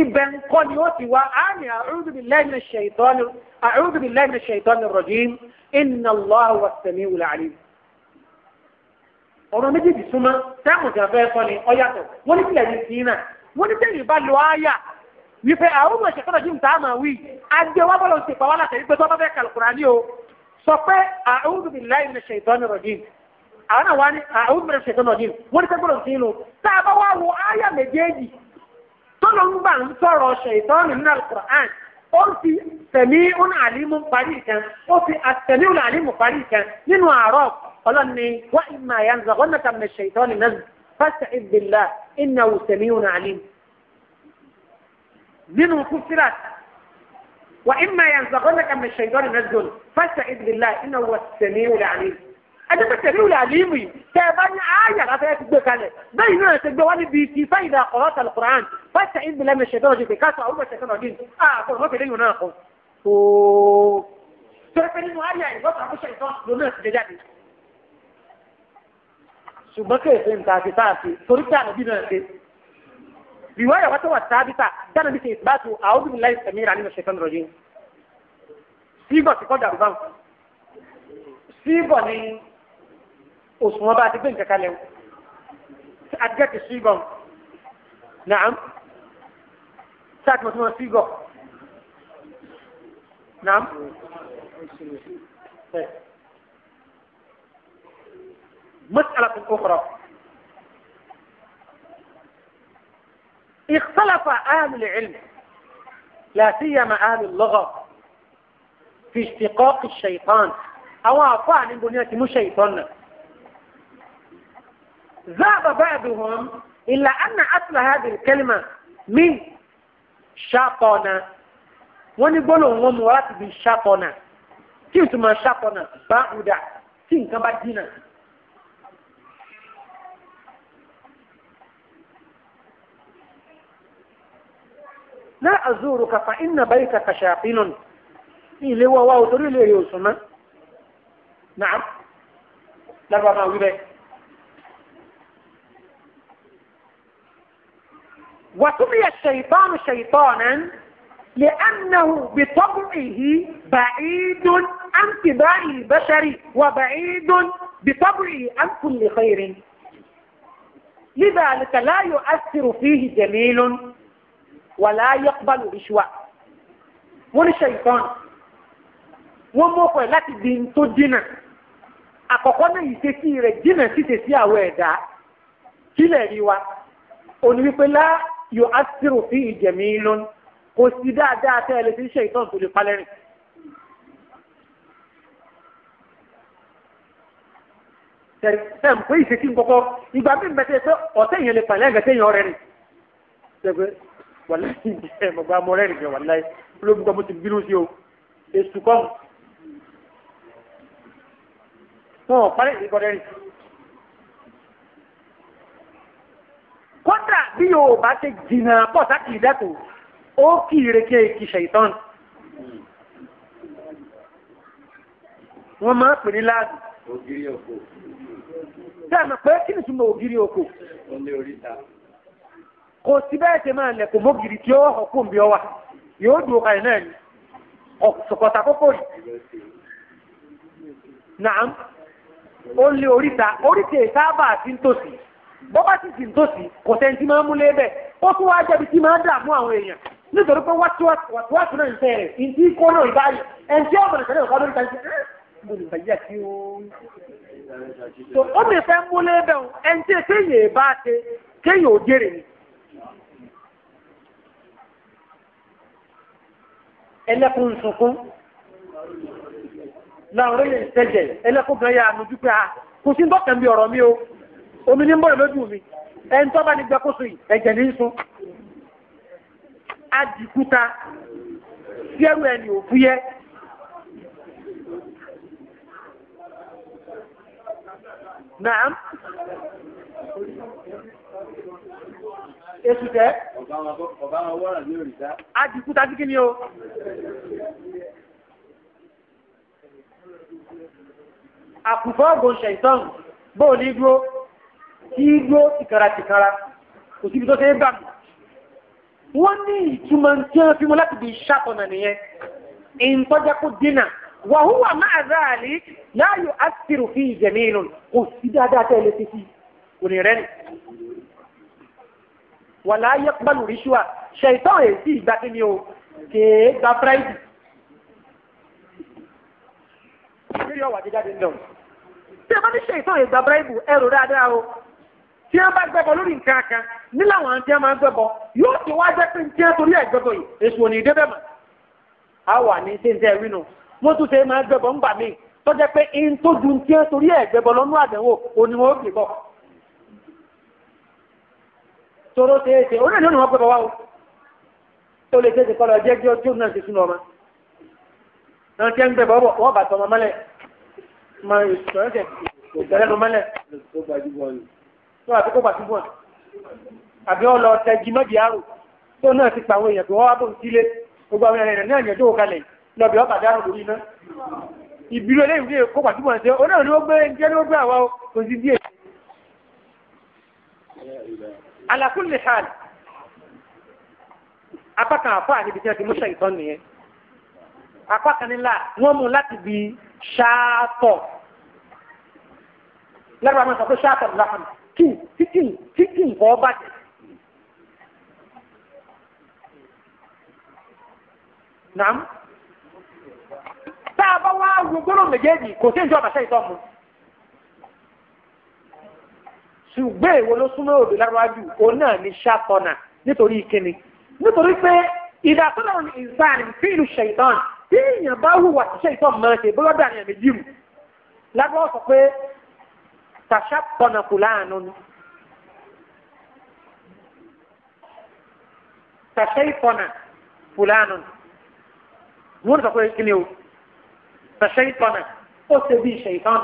ibẹ̀ ńkọ́ ni ó ti wá àmì a'udhu billahi minash shaytanir a'udhu billahi minash shaytanir rajim inna Allaha huwas-sami'ul ọ̀rọ̀ méjèèjì súnmọ́ táwọn ìjà fẹ́ kọ́ ni ọ yàtọ̀ wọ́n ní kílẹ̀ yìí sìn náà wọ́n ní tẹ́lẹ̀ bá lo àyà wípé àwọn ọmọ ìṣẹ̀kọ́ náà jìm tá a máa wí adé wa bọ́lọ̀ ṣe pàwọ́ látẹ̀ wípé tó bá fẹ́ kàlùkùrà ní o sọ pé a'udhu billahi minash shaitani rajim àwọn náà wá ní a'udhu billahi minash shaitani rajim wọ́n ní tẹ́gbọ́dọ̀ قال وإما ينزغنك من الشيطان نزغ فاستعذ بالله إنه سميع عليم منه كفرات وإما ينزغنك من الشيطان نزغ فاستعذ بالله إنه هو السميع العليم أنا ما سميع العليم تابعني آية غفية تبقى كالي بينا تبقى واني بيتي فإذا قرأت القرآن فاستعذ بالله من الشيطان الرجيم بكاسة أو ما الشيطان الرجيم آه أقول غفية لي وناقو أوه ṣùgbọ́n kò èso nǹkan àti sáàsì torí tí àná bí náà ṣe. ìwé ẹ̀rọ wá tó wà sábìtà dáná bí ṣe ìbátu àwọn obìnrin láì sẹ̀mí ìrà nínú ṣẹ̀fẹ́ nìrọ̀jẹ́. síbọ̀ ti kọjá àrùbá síbọ̀ ni òṣùwọ̀n bá ti gbé nǹkan kalẹ̀ àdìgẹ́tì síbọ̀ nàám sáà tí mo ti wọn síbọ̀ nàám. مسألة أخرى اختلف أهل العلم لا سيما أهل اللغة في اشتقاق الشيطان أو أعطاء من بنية مو شيطان ذهب بعضهم إلا أن أصل هذه الكلمة من شاطنة ونقولهم ومراتب الشاطنة كيف ما شاطنة بعد كيف ما لا أزورك فإن بيتك شاقل إلي هو wá òtórí ilé rẹ̀ نعم لا náà lábàá máa وسمي الشيطان شيطانا لأنه بطبعه بعيد عن تباع البشر وبعيد بطبعه عن كل خير لذلك لا يؤثر فيه جميل wala yaqbalu rishwa wọ́n ní ṣèyítán wọ́n mú ọkọ̀ ẹ̀ láti di tó dínà àkọ́kọ́ náà ìṣesí rẹ̀ dínà síse sí àwọn ẹ̀dá kílẹ̀ rí wa òní wípé lá yóò ásírò fi ìjẹ̀mí lónìí kò sí dáadáa tẹ́ ẹ lè fi ṣèyítán tó lè palẹ́rìn. tẹ̀m pé ìṣesí ń ìgbà mí bẹ́tẹ̀ pé ọ̀tẹ̀ yẹn lè pàlẹ́ ẹ̀gẹ́ tẹ̀yìn ọ̀rẹ́ rìn wàláyé ẹ mọ̀gbá mọ́rẹ́ rẹ̀ wàláyé olóògùn kan mo ti bínú sí o èsù kọ́ wọn ò parí ìkọ́dẹ́ rẹ̀. kódà bí yóò bá ṣe jìnnà pọ̀ sákì ìdẹ́kùn ó kì í reke kì í ṣèyítán. wọ́n máa ń pè ní láàbù. ògiri oko. dáàmú pé kí ni túmọ̀ ògiri oko. ó ní oríta. kò sí bẹ́ẹ̀ ṣe máa lẹ̀kùn mọ́gìrì tí ó wọ̀ kún bí ọ wà yóò dùn ọ̀ka ẹ̀ náà ni ọ̀sọ̀kọ̀ta kókó yìí. Nàám ó lé oríta oríta ìsáàbà àti ntòsí bó bá sì sì ntòsí kò sẹ́ni tí máa ń múlé bẹ́ẹ̀ ó tún wáá jẹ́bi tí máa ń dààmú àwọn èèyàn ṣe eh, mo lè bàyà kí o. Ó mi fẹ́ múlé bẹ́ẹ̀ ẹni tí èkéyè ni. ẹlẹ́kùn sunkún láwọn orílẹ̀ ìṣẹ́jẹ̀ ẹlẹ́kùn gan ya àmójú pé a kò sí bọ́ọ̀kẹ́ bí ọ̀rọ̀ mi o omi ní mbọ̀rọ̀ lójú mi ẹni tó bá ní gbẹ́kóso yìí ẹ̀jẹ̀ ní sun adìkúta sí ẹrù ẹni Naam. Èṣù tẹ́. Ọ̀gá wọn wọ́ràn ní òrìṣà. A ti kú tásí kí ni o. Àkùfọ́ ọ̀gùn ṣẹ̀tọ́n bóò ní dúró kí dúró tìkaratìkara kò síbi tó ṣe é bà mí. Wọ́n ní ìtumọ̀ tí wọ́n fi mú láti bí ṣàkọ̀nà nìyẹn. Ìǹtọ́jà kó dínà wàhúwà máa záàlì láàyò àtìrù fi ìjẹ̀mí ìrùn kò sí dáadáa tẹ́lẹ̀ títí kò ní rẹ́ni wàlá yẹ́pẹ́lú ríṣùà ṣètọ́ èsì ìgbà kí ni o kèé gba fúráìdì. Kí ọ̀wà ti jáde ńlọ? Tí a bá ní ṣètọ́ ìgbà fúráìdì ẹrù dáadáa o. Tí a bá gbẹ́bọ lórí nǹkan kan níláwọn àti ẹ máa ń gbẹ́bọ yóò ti wá jẹ́ pé tí a torí ẹ̀ gbẹ́bọ yìí èso ò ní débẹ̀ mọ́. A wà ní ṣéńtẹ́ rí nu. Mo tún ṣe máa gbẹ́bọ ńgbà míì tó jẹ́ pé ń tójú tí a torí ẹ̀ gbẹ́bọ lọ́nú àdánwò òní tọrọ tẹ́ẹ̀ṣe orí ẹ̀nà ni wọ́n pẹ́ bọ̀ wá o tó lè tẹ́ẹ̀ṣe kọ́lọ̀ ẹ̀jẹ̀ jọ jù náà ti súnú ọmọ náà tẹ́ ń gbẹ bọ́ wọ́n bàtọ́ ọmọ mọ́lẹ̀ máa tó àti kó àbí tẹ àrò tó náà ti èèyàn tó sílé gbogbo àwọn èèyàn náà yẹn tó lórí iná ala kulli hal apá kan àfọ àníbi tí wọn ti mú ṣèǹtọ́ nìyẹn apá kan nílá wọn mú láti bi ṣáàtọ̀ lẹ́rọ àwọn ìsọ̀kú ṣáàtọ̀ lọ́hàn kí títí títí nǹkan bàjẹ́. nàám tá a bá wá gbogbo méjèèjì kò sí ìjọba ṣèǹtọ́ mu ṣùgbọ́n èwo ló súnmọ́ òdò láwájú òun náà ní ṣàkọ́nà nítorí ìkíni nítorí pé ìdàtọ́lọ̀ ìsàn fíìlù ṣèyítàn tí èèyàn bá hùwà tí ṣèyítàn máa ṣe bó lọ́dọ̀ àyàn méjì mu lágbọ́n sọ pé tàṣà kọ́nà kù láàánú ni tàṣà ìkọ́nà kù láàánú ni wọ́n sọ pé kíni o tàṣà ìkọ́nà ó ṣe bí ṣèyítàn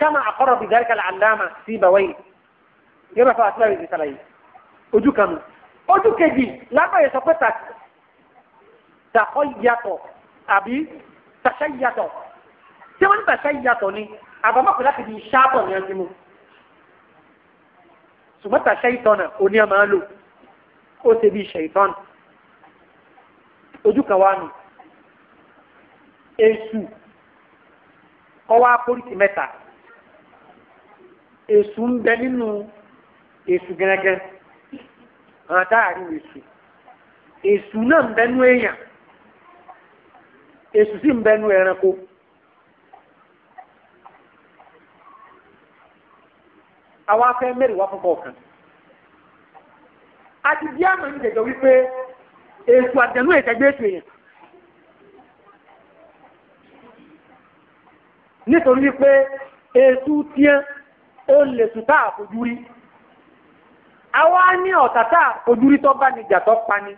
kama àkọ́rọ̀ bí dáríkà làlámà sí ìbàwẹ́ yìí yóò bá fọ àtúnyàwó ìdí sàlàyé ojú kan ojú kejì lábàáyé sọ pé tàkọ́ yàtọ̀ àbí tàṣẹ́ yàtọ̀ tí wọ́n ní tàṣẹ́ yàtọ̀ ni àbámọ́kù láti di ṣáàtọ̀ ní ẹni mú ṣùgbọ́n tàṣẹ́ ìtọ́nà òní ẹ̀ máa lò ó ṣe bí ṣe ìtọ́nà ojú kan wá nù èṣù ọwọ́ apóríṣi mẹ́ta èṣù ń bẹ nínú èṣù gẹ́gẹ́ àwọn táàrí èṣù èṣù náà ń bẹnu èèyàn èṣù sì ń bẹnu ẹranko àwọn afẹ́ mẹ́rin wá fún kọ̀ọ̀kan àti bí àmà ń jẹjọ wípé èṣù àjẹnú ìtẹ́gbẹ́ ètò èèyàn nítorí wípé èṣù tiẹ́ ó lè tún tá àfojú rí àwa ní ọ̀tá tá tó bá ní ìjà pa ni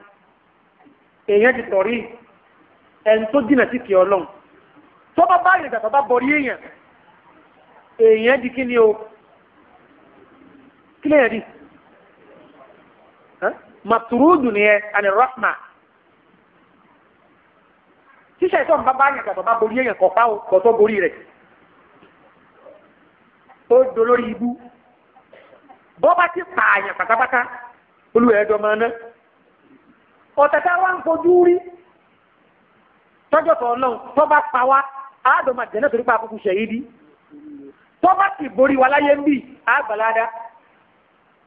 èèyàn ti tọ̀rí ẹni tó dínà sí kì ọlọ́run tó bá bá ìrìnàjò bá borí èèyàn èèyàn di kí ni o kí lè yẹn di màtúrúdù ni ẹ àní rahma ṣíṣe ìtọ́ nǹkan bá ìrìnàjò bá borí èèyàn kọ̀ pa borí rẹ̀ ó dolórí ibú bọ́bá ti pààyàn pátápátá olùwẹ̀ẹ́dọ̀ máa ná ọ̀tẹ̀tẹ̀ wa ń fojú rí tọ́jọ́ tó ọlọ́run tó bá pa wá àádọ́mà jẹ́ náà torí pa àkókò ṣẹ̀yí bí tó bá ti borí wa láyé ń bì àgbàládá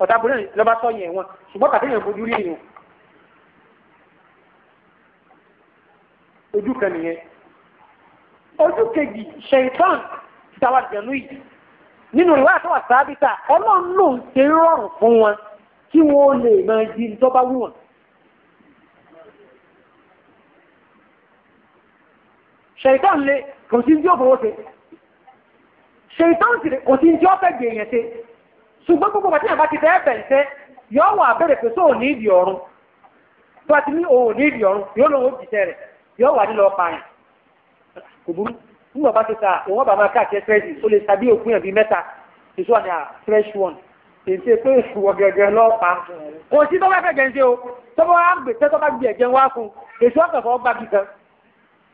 ọ̀tá borí lọ́ba sọ yẹn wọn ṣùgbọ́n kàtí yẹn fojú rí nìyẹn ojú kan nìyẹn ojú kejì ṣèǹtàn táwa jẹ̀nú yìí nínú ìwé àtọ́wà sábìtà ọlọ́run ló ń ṣe rọrùn fún wọn kí wọ́n lè máa di tó bá wù wọ́n. ṣèyítàn lè kò sí tí ó fowó ṣe ṣèyítàn sì kò sí tí ó fẹ́ gbé èèyàn ṣe ṣùgbọ́n gbogbo bàtí àbá ti fẹ́ fẹ̀ǹtẹ́ yọ wà bẹ̀rẹ̀ pé nígbà bá ti ta òun bàbá máa káàkiri fresh o lè tàbí òkú yàn bíi mẹ́ta èso àná fresh one èsì pé ìwọ gẹ́gẹ́ lọ́pàá kò sí tọ́ba fẹ́ jẹ́ ń ṣe o tọ́ba wa ń gbè tẹ́ tọ́ba gbé ẹ̀jẹ̀ wá fún èso àkàfọ́ gbà bí kan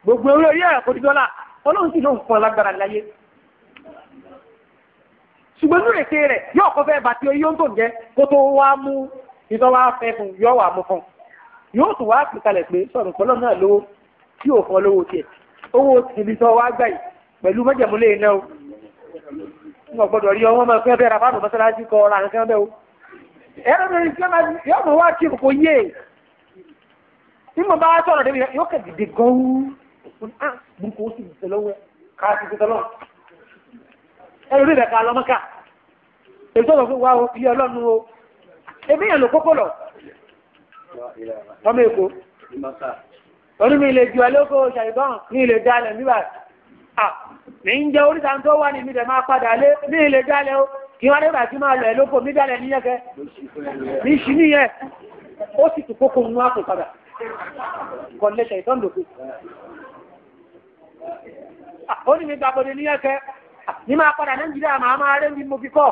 gbogbo orí orí ẹ̀rọ kò dídọ́ la ọlọ́run sì ló ń fún ọ lágbára láyé ṣùgbọ́n nínú ète rẹ̀ yóò kọ́ fẹ́ bàtí orí yóò tó jẹ́ kó tó wá mú ìtọ́wá fẹ́ fún yóò wà mú fún yóò tún wá pè kalẹ̀ pé sọ̀rọ̀ pọ́lọ́ náà lówó tí ò fún tiẹ̀ owó ibi tó wá gbà yìí pẹ̀lú mọ́jẹ̀múlẹ̀ iná o wọn gbọ́dọ̀ rí ọwọ́ máa fẹ́ bẹ́ẹ̀ ra fáànù mọ́sálásí kọ ọ̀rọ̀ àǹkan bẹ́ẹ̀ o ẹ̀rọ mi rí kíọ́nà yóò mọ̀ wá kí n kò yé bí mo bá sọ̀rọ̀ débi yóò kẹ̀ dìde gan-an ah bùkún ó sì dìde lọ́wọ́ ká ti dìde lọ́wọ́ ẹ̀rọ mi rẹ̀ ká lọ mọ́ká èyí tó sọ fún wa ilé ọlọ́run o torí mi lè ju ẹlẹ́kọ̀ ṣàìbọ̀n ní ilé dálẹ̀ nígbà mi ń jẹ oríta tó wà ní mi dẹ̀ máa padà lé ní ilé dálẹ̀ o kí wọ́n nígbà tí máa lọ ẹlẹ́kọ̀ mi dálẹ̀ níyẹn kẹ́ ní ṣí níyẹn ó sì tún kókó nínú àpò padà kọ̀lẹ́ ṣàìbọ̀n lòkù ó ní mi gbàgbọ́dẹ níyẹn kẹ́ ní máa padà nàìjíríà máa máa rẹ́ ní mo fi kọ́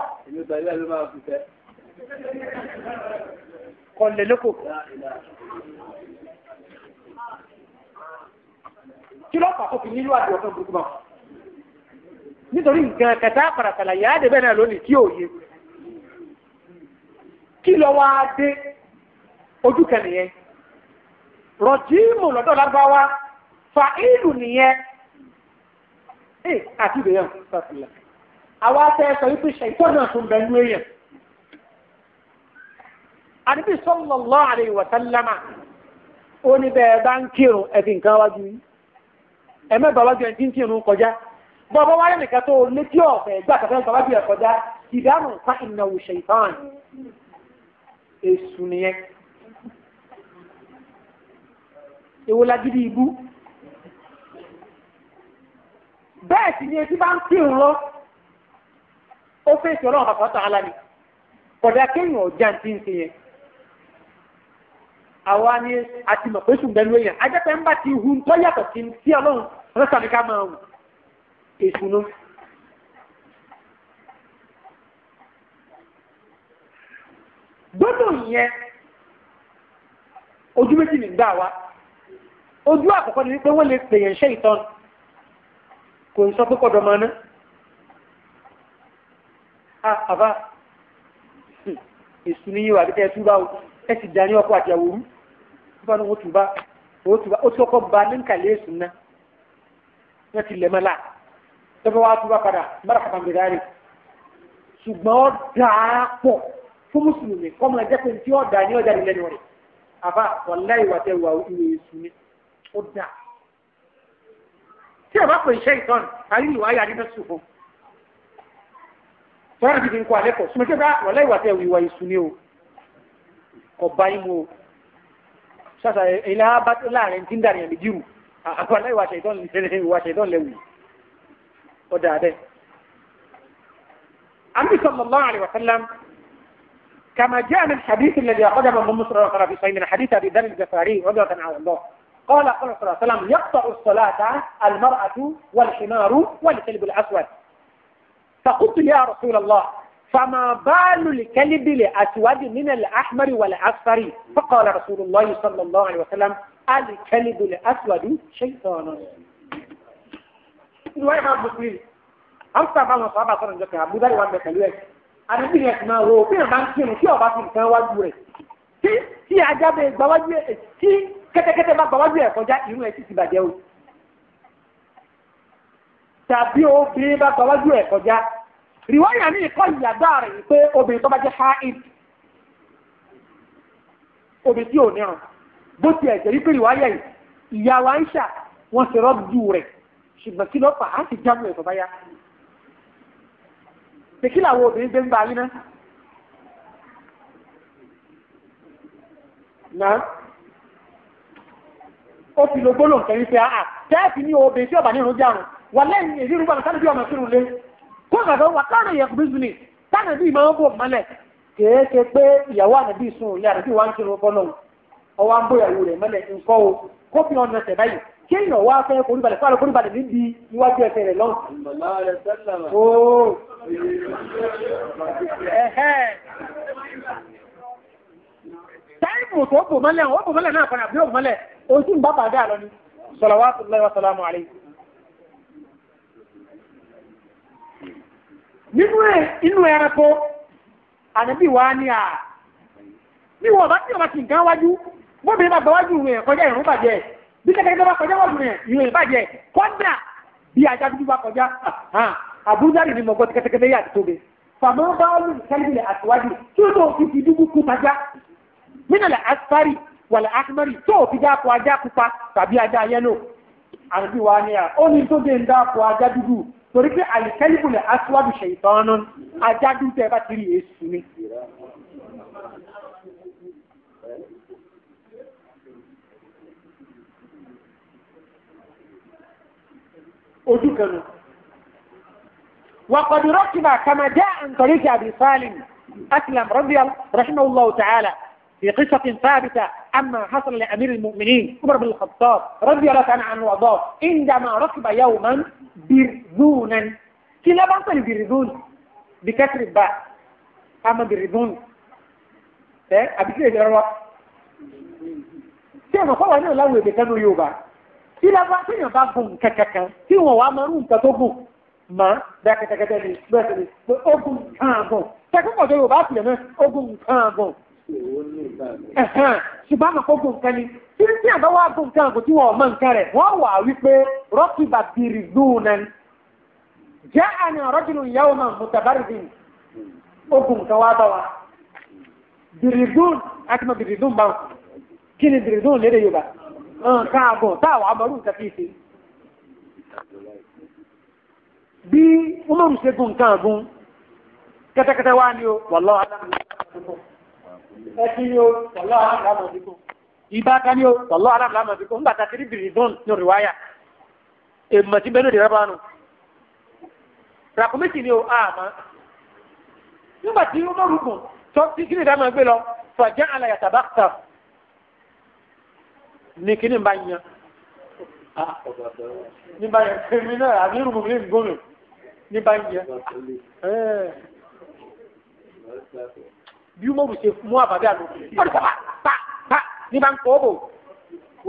kọ̀lẹ́ lókò kí ló pàtó fi nílò àdìọ kan burúkú báwọn nítorí nǹkan kẹta pàràkàlà yà á dé bẹ́ẹ̀ náà lónìí tí ò yé kí lọ wá dé ojú kan nìyẹn rọ̀jíìmù lọ́dọ̀ lágbáwá fa ìlú nìyẹn ee àti ìbéyàn sàfìlà àwa tẹ sọ wípé ṣèyítọ́ náà tún bẹ nú èèyàn àdébí sallallahu alaihi wa sallama ó ní bẹ́ẹ̀ bá ń kírun ẹ̀fìn kan wájú yìí ẹ̀mẹ́ bàbá ju ẹni tí ń kọjá bọ́ọ̀bọ́ wáyé nìkan tó létí ọ̀fẹ́ gbà kàfẹ́ bàbá ju ẹ̀ kọjá ìdáhùn fa ìnáwó ṣèyítán èṣù nìyẹn èwo lagidi ibú bẹ́ẹ̀ sì ni etí bá ń kírun lọ ó fèsì ọlọ́run bàbá tó ala ni kéèyàn ọ̀jà ti ń ṣe yẹn àwa ni a ti mọ̀ pé ṣùgbọ́n ló yàn ajẹ́pẹ́ ń bá ti hu tó yàtọ̀ sí tí ọlọ́run rẹ́sà ní ká máa hù èṣù gbọ́dọ̀ yẹn ojú méjì nígbà wa ojú àkọ́kọ́ ni wípé wọ́n lè pèyàn ṣe ìtọ́n kò ń sọ pé kọ́dọ̀ máa ná. àbá ìsúnìyí wà bí tẹ́ ẹ túbà ẹ sì dání ọkọ àti àwòrán bá wọn tù bá wọn tù bá ó ti kọ́kọ́ ba ní nkàlẹ́ èsù ná wọn ti lẹ́mọ́ la tọ́fẹ́ wa tù bá padà mara kàmá mi rárẹ̀ ṣùgbọ́n ó dáa pọ̀ fún mùsùlùmí kọ́mọ ẹ̀jẹ̀ pé tí ó dáa ní ọjà nílẹ̀ níwọ̀n rẹ̀ àbá wàláyé wà tẹ wà ìwé èsù ni ó dáa tí a bá pè iṣẹ́ ìtọ́n àyè ìwà ayé adébẹ́ sùn fún tọ́lá ti fi ń kọ́ alẹ́ pọ̀ sùnmọ́tẹ́ bá wàláyé wà tẹ ìwà èsù ni o kọ̀ báyìí mu o. sasa ilé ha bá láàrin lẹ́wù ó sallallahu alaihi كما جاء من الحديث الذي أخرجه ابن مسلم وقرأ في صحيح من حديث أبي ذر الجفاري رضي الله عنه الله قال قال صلى الله عليه وسلم يقطع الصلاة المرأة والحمار والكلب الأسود فقلت يا رسول الله فما بال الكلب الأسود من الأحمر والأصفر فقال رسول الله صلى الله عليه وسلم الكلب الأسود شيطان ìwà ìmọ̀ àbùsùn àwùsà bá wọn sọ́ọ́bà sọ́nà ìjọkẹ́ àbúdá ìwà ìbẹ̀ pẹ̀lú ẹ̀ àdébí rẹ̀ máa wo bí ìrìn bá ń kírun tí ọba fi nǹkan wájú rẹ̀ tí tí ajá bẹ gbáwájú ẹ̀ tí kẹ́tẹ́kẹ́tẹ́ bá gbáwájú ẹ̀ kọjá irun ẹ̀ sì ti bàjẹ́ o tàbí obìnrin bá gbáwájú ẹ̀ kọjá rìwáyà ní ìkọ́ ìyàgbá rẹ̀ pé obìnrin tó bá jẹ́ haid obìnrin tí ò nírun bó ti ẹ̀jẹ̀ rí pé rìwáyà yìí ìyá wa ń ṣà wọ́n ṣe rọ́bù rẹ̀ ṣùgbọ́n kí ló fà á sì jáwé ẹ̀ tó bá làwọn obìnrin gbé ń bá yín náà. ó fi lo gbólóǹkẹ́ wípé àà tẹ́ẹ̀fì ní obìnrin tí ọ̀bà nírun járun wà lẹ́yìn èyí rúbà kọ́kàtọ́ wà káàrọ̀ yẹ kùrìsù ni táàbí máa ń bò mọ́lẹ̀ kèéke pé ìyàwó àdàbí sùn ilé àdàbí wà ń kiri ọpọlọ ọwọ́ ń bóyàwó rẹ̀ mọ́lẹ̀ nǹkọ́ o kó fi ọ̀nà ẹsẹ̀ báyìí kí èèyàn wá fẹ́ foríbalẹ̀ fáwọn foríbalẹ̀ níbi ẹsẹ̀ rẹ̀ lọ́n. tó bò mọ́lẹ̀ ó bò mọ́lẹ̀ náà kọ́nà àbí ó bò mọ́lẹ̀ ojú ń bá lọ ni sọlọ nínú ẹ̀ inú ẹranko ànábì wa ni à ní wọn bá tí wọn bá ti nǹkan wájú wọn bẹ̀rẹ̀ bá gbáwájú rẹ̀ kọjá ìrún bàjẹ́ bí kẹ́kẹ́kẹ́ bá kọjá wájú rẹ̀ ìrún ìbàjẹ́ kọ́dà bí ajá dúdú bá kọjá àbúrúdá rẹ̀ ni mọ̀gọ́ ti kẹ́kẹ́kẹ́ yà tó bẹ̀ fàmọ́ bá wọlé ìkẹ́lẹ́lẹ̀ àtiwájú tí ó tó fi fi dúdú kú tajá mínàlẹ̀ asfari wàlẹ̀ akimari tó fi dáko ajá pupa tàbí ajá yẹ́lò àrùbí wa ni à ó ní tó dé ń dáko ajá dúdú torí pé àlìkẹ́lìbù lè aṣíwájú ṣe ìtọ́nà ajádùn tẹ́ bá ti rí èsù ni. ojú kanu وقد ركب كما جاء عن طريق أبي سالم أسلم رضي الله رحمه الله تعالى في قصة ثابتة اما حصل لامير المؤمنين عمر بن الخطاب رضي الله تعالى عنه وارضاه عندما ركب يوما برزونا كلاب اصلا برزون بكسر الباء اما برزون إيه؟ ابي كده يا رب سيما يوبا في لابا في لابا بوم كككك في هو وامرون ما ده ṣùgbọ́n àmọ́ kó gùn nǹkan ni tí tí àbá wá gùn nǹkan àgùntí wọn ọmọ nǹkan rẹ̀ wọ́n wà wípé rọ́ọ̀kì bàbírì lóòrùn jẹ́ àná rọ́jùlù ìyàwó náà mùtàbárìdì ogun nǹkan wá bá wa bìrìdùn àti mọ bìrìdùn bá wọn kí ni bìrìdùn lédè Yorùbá nǹkan àgùn táwa àmọ́rù nǹkan fi ṣe bí wọ́n mọ̀ ṣe gùn nǹkan àgùn kẹ́tẹ́kẹ́tẹ́ wá ní o wọ́lọ́ aláàbò ẹtí o ó tọ̀lọ́ aláàmọ̀díkò ibà ká ni ó tọ̀lọ́ aláàmọ̀díkò ńgbà tá a ti rí bìrìdùn ní òrìwáyà èèmọ̀ tí bẹ́ẹ̀ ló dé rábà nù ràkúmẹ́sì ni ó àmà nígbà tí ó mọ̀rù gùn tó tí kí ni ìdá máa gbé lọ fàjẹ́ àlàyàtà bá tà ní kí ni bá yan ní bí umaru ṣe mú àbàbí àlọ́ wọ́n ti pa pa pa ní bá ń kọ́ bò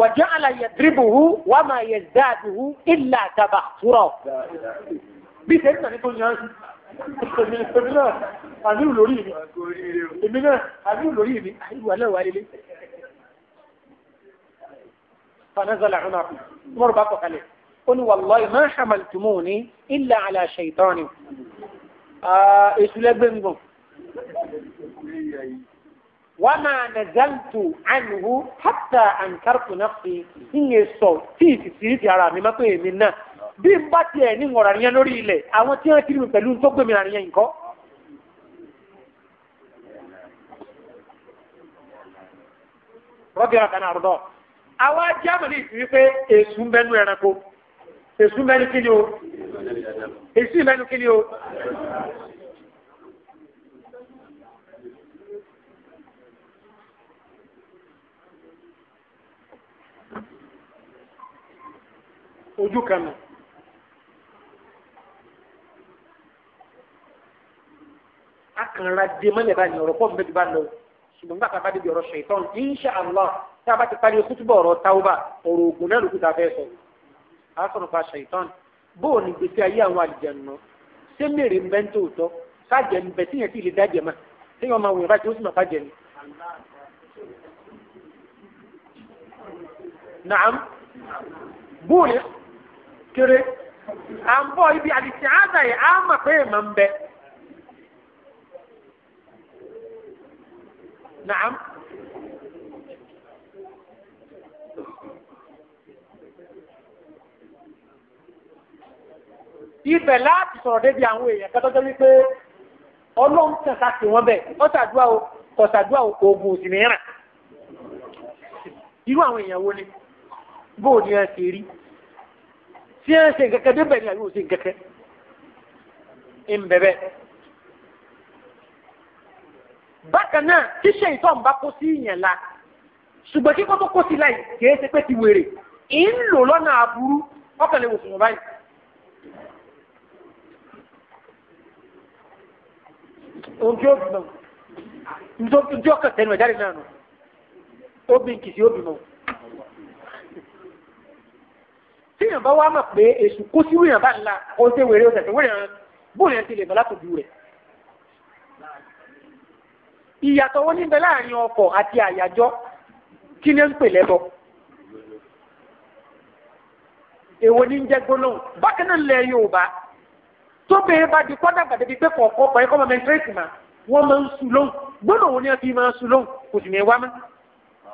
wàjọ́ àlàyé dìrìbùhù wà máa yẹ dáàbùhù ìlà àtàbà túrọ̀ bí ṣe ń tàn ní tó yan èmi náà àdúrú lórí mi èmi náà àdúrú lórí mi àdúrú alẹ́ wà lélẹ̀ fanazala cunaku umaru bá kọ̀ kalẹ̀ ó ní wàlláhi máa hamaltumuni ìlà àlà ṣèitọ́ni èṣù lẹ́gbẹ̀ẹ́ ń gbọ̀n. wàmà nàzàntù ànìwò hàtà ànkàrtù nàfẹ ìyẹn sọ tí ìtìsí ti ara mi má pé èmi náà bí n bá tiẹ̀ ní ngọ̀rọ̀ àríyàn lórí ilẹ̀ àwọn tí wọ́n kiri mi pẹ̀lú tó gbẹ̀mí àríyàn yìí kọ́. rọ́bì ọ̀kan náà àwọn ajá mọ̀ pé èsù ń bẹnu ẹranko èsù ń bẹnu kí ni o èsù ń bẹnu kí ni o. ojú kan nù. akànra dé mọ́lẹ̀ bá ní ọ̀rọ̀ pọ̀ mẹ́bí bá lọ ṣùgbọ́n nígbà tá a bá débi ọ̀rọ̀ ṣètọ́n insha allah tá a bá ti parí kútùbọ̀ ọ̀rọ̀ tawba ọ̀rọ̀ ògùn náà ló kú tá a fẹ́ sọ. a sọ̀rọ̀ pa ṣètọ́n bóò ní gbèsè ayé àwọn àlùjànnú ṣé mèrè ń bẹ́ ń tó tọ́ sájẹ̀ ń bẹ tí yẹn ti lè dájẹ̀ mọ́ tí wọ́n máa wòye bá ti sì máa fàjẹ̀ ni. bóò ní kéré à ń bọ̀ ibi àdìsí àádà yìí á mà pé èèmọ̀ ibẹ̀ láti sọ̀rọ̀ débi àwọn èèyàn wípé ọlọ́run sí o o kò òsì ni bóò ni ẹ rí tí wọ́n ṣe nǹkan kan débẹ̀ ni a wọ́n ṣe nǹkan kan ń bẹ̀bẹ̀. bákan náà tíṣe ìtọ́n bá kó sí ìyẹn la ṣùgbọ́n kíkọ́ tó kó sí láì kìí ṣe pé ti wèrè ì ń lò lọ́nà aburú ọkàn lè wò sùn báyìí. ohun tí ó bì mọ́ ohun tí ó kàn tẹnu tí èèyàn bá wá mọ̀ pé èṣù kó sí wíyàn bá ńlá ó ń tẹ́ wèrè ó tẹ̀sẹ̀ wíyàn bóun yẹn ti lè bọ́lá tòjú rẹ̀. ìyàtọ̀ wo níbẹ̀ láàrin ọkọ̀ àti àyájọ́ kí ni ó ń pè lẹ́bọ̀. èwo ní ń jẹ́ gbólóhùn bákan náà lẹ Yorùbá tó bẹ̀rẹ̀ bá di kọ́dà gbàdébi pé kọ̀ọ̀kọ́ ọkọ̀ ẹ̀kọ́ mọ̀mẹ́ntírẹ́sì mà wọ́n máa ń su lóhùn gbólóhùn ni wọ́n fi máa ń su lóhùn kò sì ní wá mọ́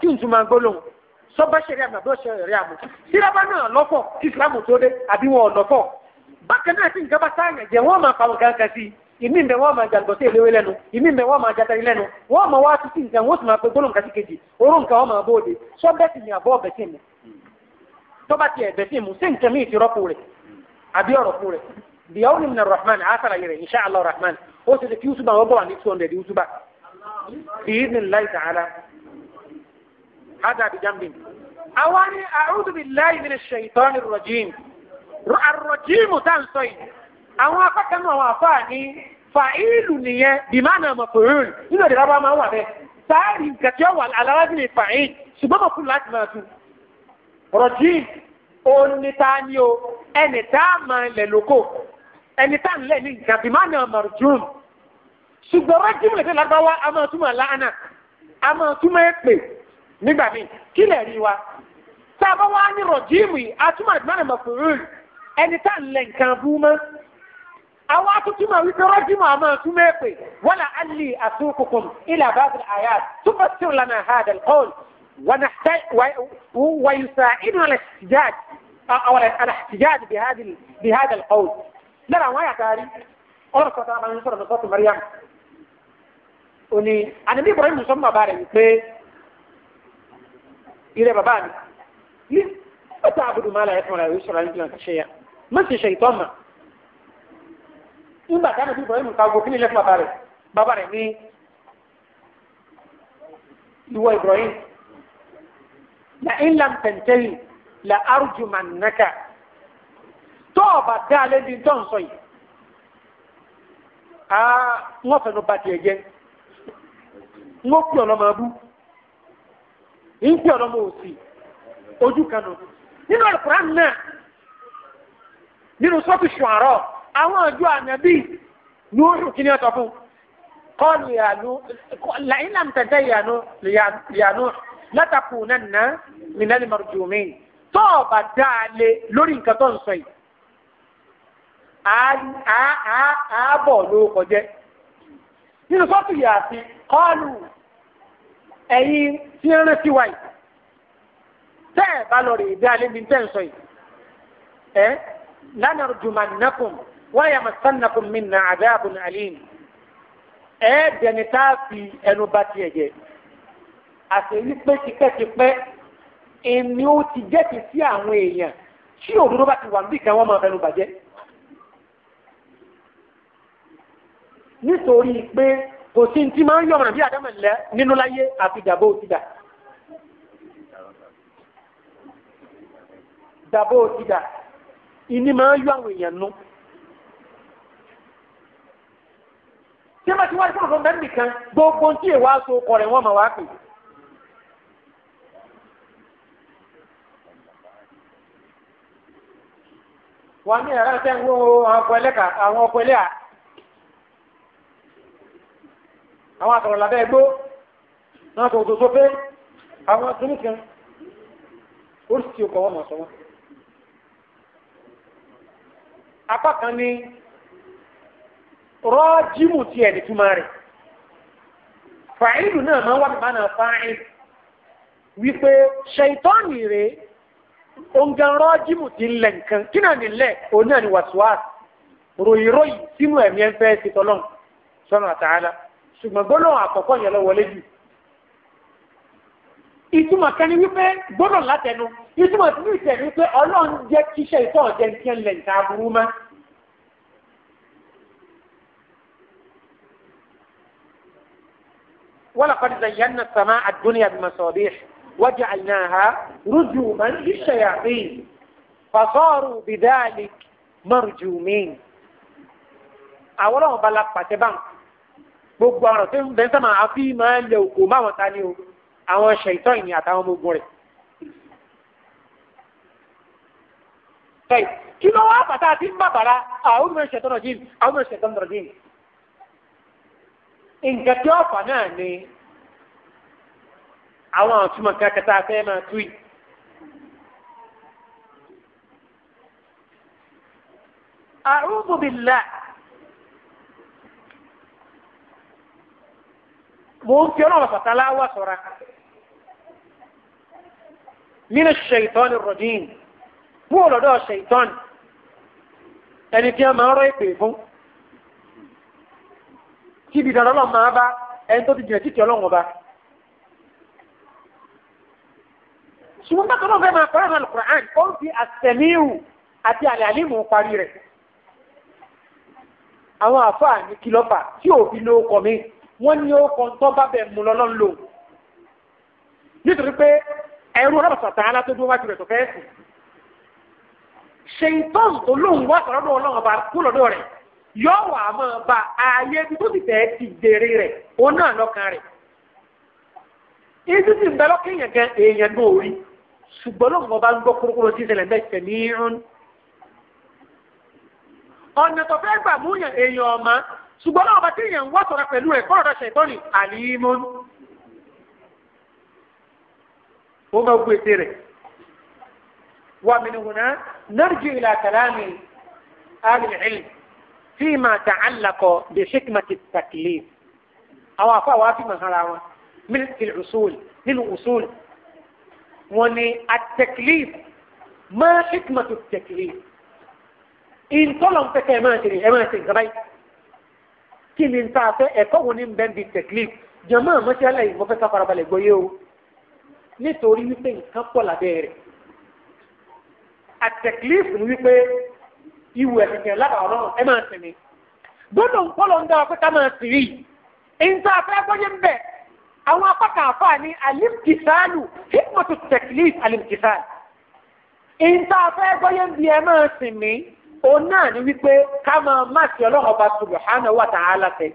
kí n tún máa gbólóhùn sọba ṣẹlẹ̀ àmì àbúrò ṣẹlẹ̀ àmì sílábà náà lọ́fọ̀ kí ìsìlámù tó dé àbí wọn lọ́fọ̀ bákan náà tí nǹkan bá sáàyàn jẹ wọn máa fàwọn kankan sí ìmí ń bẹ wọn máa jàǹdọ̀tẹ́ ìléwé lẹ́nu ìmí ń bẹ wọn máa jatari lẹ́nu wọn máa wá títí nǹkan wọn sì máa pe gbólóhùn kásí kejì oró nǹkan wọn máa bóde sọbẹ́sì ni àbọ̀ ọ̀bẹ̀ sí mi tọ́ba ti ẹ̀bẹ̀ sí mu sí nǹkan mi ti rọ́pò rẹ̀ àbí ọ̀rọ̀ fún rẹ̀ bìyàwó ni minna rahman asara yẹrẹ insha allah rahman ó ti di kí yusufa wọn bọ̀ wà ní two hundred yusufa bìyí ni láì sàárà هذا بجنب أواني أعوذ بالله من الشيطان الرجيم الرجيم تنصي أو أفكر وفاني فاعل نية بمعنى مفعول إنه دي ما هو به ساري كتوى على وزن فاعل سبما كل أجمعته رجيم òní ta ni o ẹni tá a máa lẹ̀ lóko ẹni tá a lẹ̀ ní nǹkan bí máa nà mọ̀rùjùm ṣùgbọ́n rẹ́jìmù lè fi a máa túmọ̀ láàánà a máa túmọ̀ èpè nígbà míì kí lè rí wa tá a bá wá ní rọ̀jíìmù yìí atúmọ̀ àdúmọ̀ràn mọ̀fùrún ẹni tá à ń lẹ nǹkan bú mọ́ àwọn atuntun máa wípé rọ́jíìmù àmọ́ tún mẹ́pẹ́ wala alì àtúnkùkùn ilà bàbá àyà túbọ̀ sí ìlànà àhàdà kọ́ọ̀l ويساعدنا الاحتجاج أو الاحتجاج بهذا بهذا القول لا لا ما يعتري أرسل طبعا من سورة مريم وني أنا مي إبراهيم مسمى بارك ìrẹ́ bàbá mi ní bàtà àbùdù máa láyé fún ara rẹ̀ sọ̀rọ̀ nígbà tó ṣe ya má ṣe ṣe ìtọ́ mà nígbà táwọn ìbùdó ìmùka ogun kí ni ilé fún bàbá rẹ̀ bàbá rẹ̀ ní ìwọ Ibrahim la in lam tantahi la arjumannaka tó o bá dá alẹ́ di tó ń sọ yìí wọ́n fẹ́nu ba tiẹ̀ jẹ́ wọ́n kú ọ̀nà máa ìpè ọlọ́mọ òsì ojú kanu nínú alukuran náà nínú sọ́tù ṣùárọ̀ àwọn àjọ ànábì ní oṣù kìíní ọ̀tọ̀ fún kọ́ọ̀lù yàánú làyìn làm tẹ̀tẹ̀ yàánú yàánú látàkù nànà mìíràn mọ̀rùjùmí tọ́ọ̀bà dáalé lórí nǹkan tó ń sọ yìí àábọ̀ ló kọjẹ́ nínú sọ́tù yàásí kọ́ọ̀lù ẹ̀yìn tí ń rántí wa yìí tẹ́ ẹ̀ bá lọ rè é bí alẹ́ mi tẹ́ ń sọ yìí ẹ́ lánàá jùmọ̀nàkùn wáyà màsánàkùn mi nà àdáàbùn àlín ẹ́ dẹni tá a fi ẹnu bá tiẹ̀ jẹ àṣẹ wípé tipẹ́tipẹ́ èmi ó ti jẹ́kì sí àwọn èèyàn tí òdodo bá ti wà níbi kan wọ́n máa fẹnu bàjẹ́ nítorí pé kò sí ti máa ń yọ̀ràn bí àdámọ̀ lẹ́ nínú láyé àti dàbò òtìdà. dàbò òtìdà ìní máa ń yọ àwọn èèyàn nú. tí a bá ti wá ìfọ̀rọ̀ fún mẹ́rin nìkan gbogbo tí èèwà so kọ̀ rẹ̀ wọ́n máa wá pè. wọ́n ní ẹ̀rọ ẹ̀sẹ̀ ń wo ọkọ̀ ẹlẹ́ka àwọn ọkọ̀ ẹlẹ́ka. àwọn àtọ̀rọ̀ lábẹ́ ẹgbó náà tó tó sófé àwọn kìnnìkan oríṣi ọkọ̀ wọn mọ̀ sọ wọn. apá kan ní rọ́ọ̀jìmù ti ẹ̀ nìtúmọ̀ rẹ̀ fàáìlù náà máa ń wá bàbá náà fáìn wípé ṣèitọ́ọ̀nì rèé ongan rọ́jìmù ti ń lẹ̀ nǹkan kí náà nílẹ̀ òun náà ni wàsíwàsí ròyìnròyìn sínú ẹ̀mí ẹ̀ ṣe tọ́lọ́n sọ́nà àtàlà ṣùgbọ́n gbólóhùn àkọ́kọ́ yẹn lọ wọlé jù ìtumọ̀ kan ni wípé gbọ́dọ̀ látẹnu ìtumọ̀ tí wípé ní pé ọlọ́run jẹ́ kíṣẹ́ ìtọ́ ọ̀jẹ́ ní kíńlẹ̀ nǹkan aburú mọ́. ولقد زينا السماء الدنيا بمصابيح وجعلناها رجوما للشياطين فصاروا بذلك مرجومين أولهم بلغ بتبان gbogbo ọ̀rọ̀ tó ń bẹ sọ́mà àfi máa ń lẹ òkò máwọn ta ni o àwọn ṣèyítọ́ ìní àtàwọn ọmọ ogun rẹ̀. Bẹ́ẹ̀ kí ló wá bàtà àti ń bàbàrà àwọn ọmọ ìṣẹ̀tọ́ náà jíìn àwọn ọmọ ìṣẹ̀tọ́ náà jíìn. Nǹkan tí ọ̀fà náà ni àwọn àtúmọ̀ kẹta fẹ́ máa tú yìí. A'udhu billah. mò ń fi ọlọ́run fàtàlá wà sọ̀ra nínú ṣèyítọ́n rọ̀dín mú ọ̀lọ́dọ̀ ṣèyítọ́n ẹni tí a máa ń rọ ìpè fún kí ibi ìdáná ọlọ́run máa bá ẹni tó ti jìnà títí ọlọ́run ọba. ṣùgbọ́n bá tọ́lọ́ fẹ́ máa kọ́ ẹ̀rọ alukur'an ó ń fi àtẹ̀míhù àti àlẹ́ àlímù parí rẹ̀. àwọn àfáà ní kìlọ́fà tí òfin ló kọ mí wọ́n ní ó kọ́ tó bá bẹ̀ mú lọ́lọ́ lò nítorí pé ẹ̀rú ọlọ́pàá tààlà tó dúró wájú rẹ̀ tó fẹ́ẹ́ sùn ṣèǹtọ́n tó lóun wá sọ̀rọ̀ lọ́wọ́ ọlọ́run ọba kú lọ́dọ̀ rẹ̀ yọ wà á máa ba ààyè ibi tó ti fẹ́ ti jèrè rẹ̀ òun náà lọ́kàn rẹ̀ ìdí tí ń bẹ lọ́kàn èèyàn gan èèyàn náà rí ṣùgbọ́n lóun ọba ń gbọ́ kúrúkúrú sí ìṣẹ̀lẹ̀ bẹ́ẹ̀ tẹ̀mí ọ̀nà tó fẹ́ gbà mú èèyàn ọ̀ma ṣùgbọ́n náà ọba tí èèyàn ń wá sọ̀rọ̀ pẹ̀lú ẹ̀ kọ́ ọ̀dọ̀ ṣẹ̀tọ́ ni àlìmọ́ ó máa gbé ètè rẹ̀ wà mí nìhùn náà narji ila kalami al-ilm fima ta'allaqa bi hikmati at-taklif àwọn afọ àwọn afimọ̀ hara wọn min al nínú usul wọn ni at-taklif ma hikmatu at-taklif ń pẹ́kẹ́ ẹ̀ máa ṣe ẹ̀ máa ṣe nǹkan kí ni tá a fẹ́ ẹ̀kọ́ wo ni bẹ́ẹ̀ bi tẹ̀klif jọ̀mọ́ àmọ́síálẹ̀ yìí mo fẹ́ ká farabalẹ̀ gbọ́ yé o nítorí wípé nǹkan pọ̀ lábẹ́ rẹ̀ àtẹ̀klif ni wípé ìwù ẹ̀sìn lábàá ọlọ́run ẹ máa sinmi gbọ́dọ̀ ń kọ́ ló ń dára pé ká máa sìn yìí ìǹtà afẹ́ gbọ́yé ń bẹ̀ àwọn apákà àfà ní alimtisalu hikmatu tẹ̀klif alimtisal ìǹtà afẹ́ gbọ́yé ń bi ẹ máa sìn òun náà ni wípé ká máa má sí ọlọ́run ọba subhanahu wa ta'ala tẹ̀.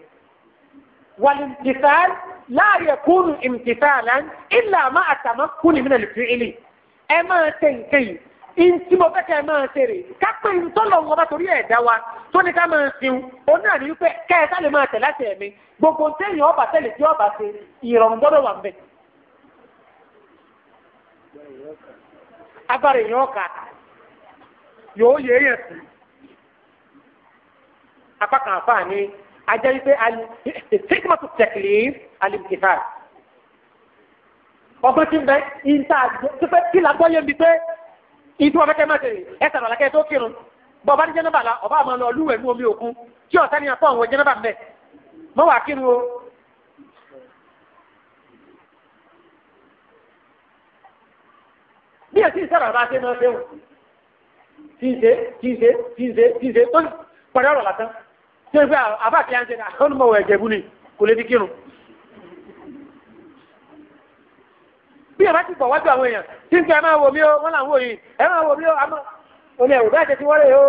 wàlìmtìsáàl la yakunu imtisaalan illa ma atamakkuni min al-fi'li. ẹ máa tẹ nǹkan yìí ntí mo fẹ́ kẹ́ ẹ máa ṣe rè kápẹ́ ìtọ́lọ̀ wọn bá torí ẹ̀dá wa tó ní ká máa ṣeun òun náà ní wípé kẹ́ ẹ sáré máa tẹ̀ láti ẹ̀mí gbogbo téèyàn ọba tẹ̀lé tí ọba ṣe ìrọ̀rùn gbọ́dọ̀ yóò yẹ sí i apá kan àfààní ajá wípé tíkìmọ̀tò tẹ̀kìlì alìmùkìtà ọgbọ́n tí ń bẹ ìta pípẹ́ kí la gbọ́ yé mi itu ìtumọ̀ fẹ́ kẹ́ máa tèrè ẹ sàrọ̀ ọba ní jẹ́nàbà la ọba àmọ́ lọ lúwẹ̀ ní omi òkun tí ọ̀sán ni àpọ̀ àwọn jẹ́nàbà mẹ́ mọ́ wàá kírun o bí ẹ̀sìn ìsára bá ṣe máa ṣe wọn tí ń ṣe tí ń ṣe tí ń ṣe tí ń ṣe tó pẹ̀lú ọ̀rọ̀ lásán ṣé pé àbá kí á ń ṣe àwọn ọmọ ẹ̀jẹ̀ bú ni kò lè fi kírun. bí ẹ bá ti pọ̀ wájú àwọn èèyàn tí ń pẹ́ ẹ máa wò mí o o àmọ́ olè ẹ̀wò bẹ́ẹ̀ tẹ́tí wọ́n o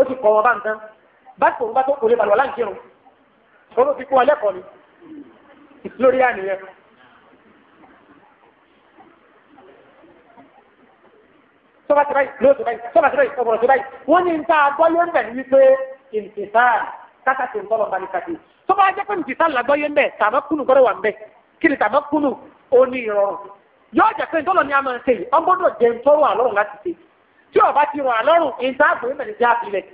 ó ti kọ̀ wọn bá nǹkan bá tòun bá tó kò lè balùwà láǹ kírun ó ló fi kún ọlẹ́kọ̀ọ́ ni lórí àníyàn. sọ́ba ti báyìí lóòótọ́ báyìí sọ́ba ti báyìí ọ̀bọ̀rọ̀ ti báyìí wọ́n ní ń ta agbọ́lé ń bẹ̀ wípé ìmùtìsáàlì kákàtì ńtọ́lọ̀ bá ní kàtì. tó bá jẹ́ pé ìmùtìsáàlì la gbọ́yé ńbẹ tàbá kúnnù gbọ́dọ̀ wà ńbẹ kí ni tàbá kúnnù ó ní ìrọ̀rùn. yóò jẹ́ pé ńtọ́lọ̀ ni a máa ń ṣe yìí ọ́n gbọ́dọ̀ jẹ́ ńtọ́rọ̀ àlọ́run láti ṣe tí ọba ti rọ̀ àlọ́run ìntàgbò ìmẹ̀lẹ̀ jẹ́ àfilẹ̀.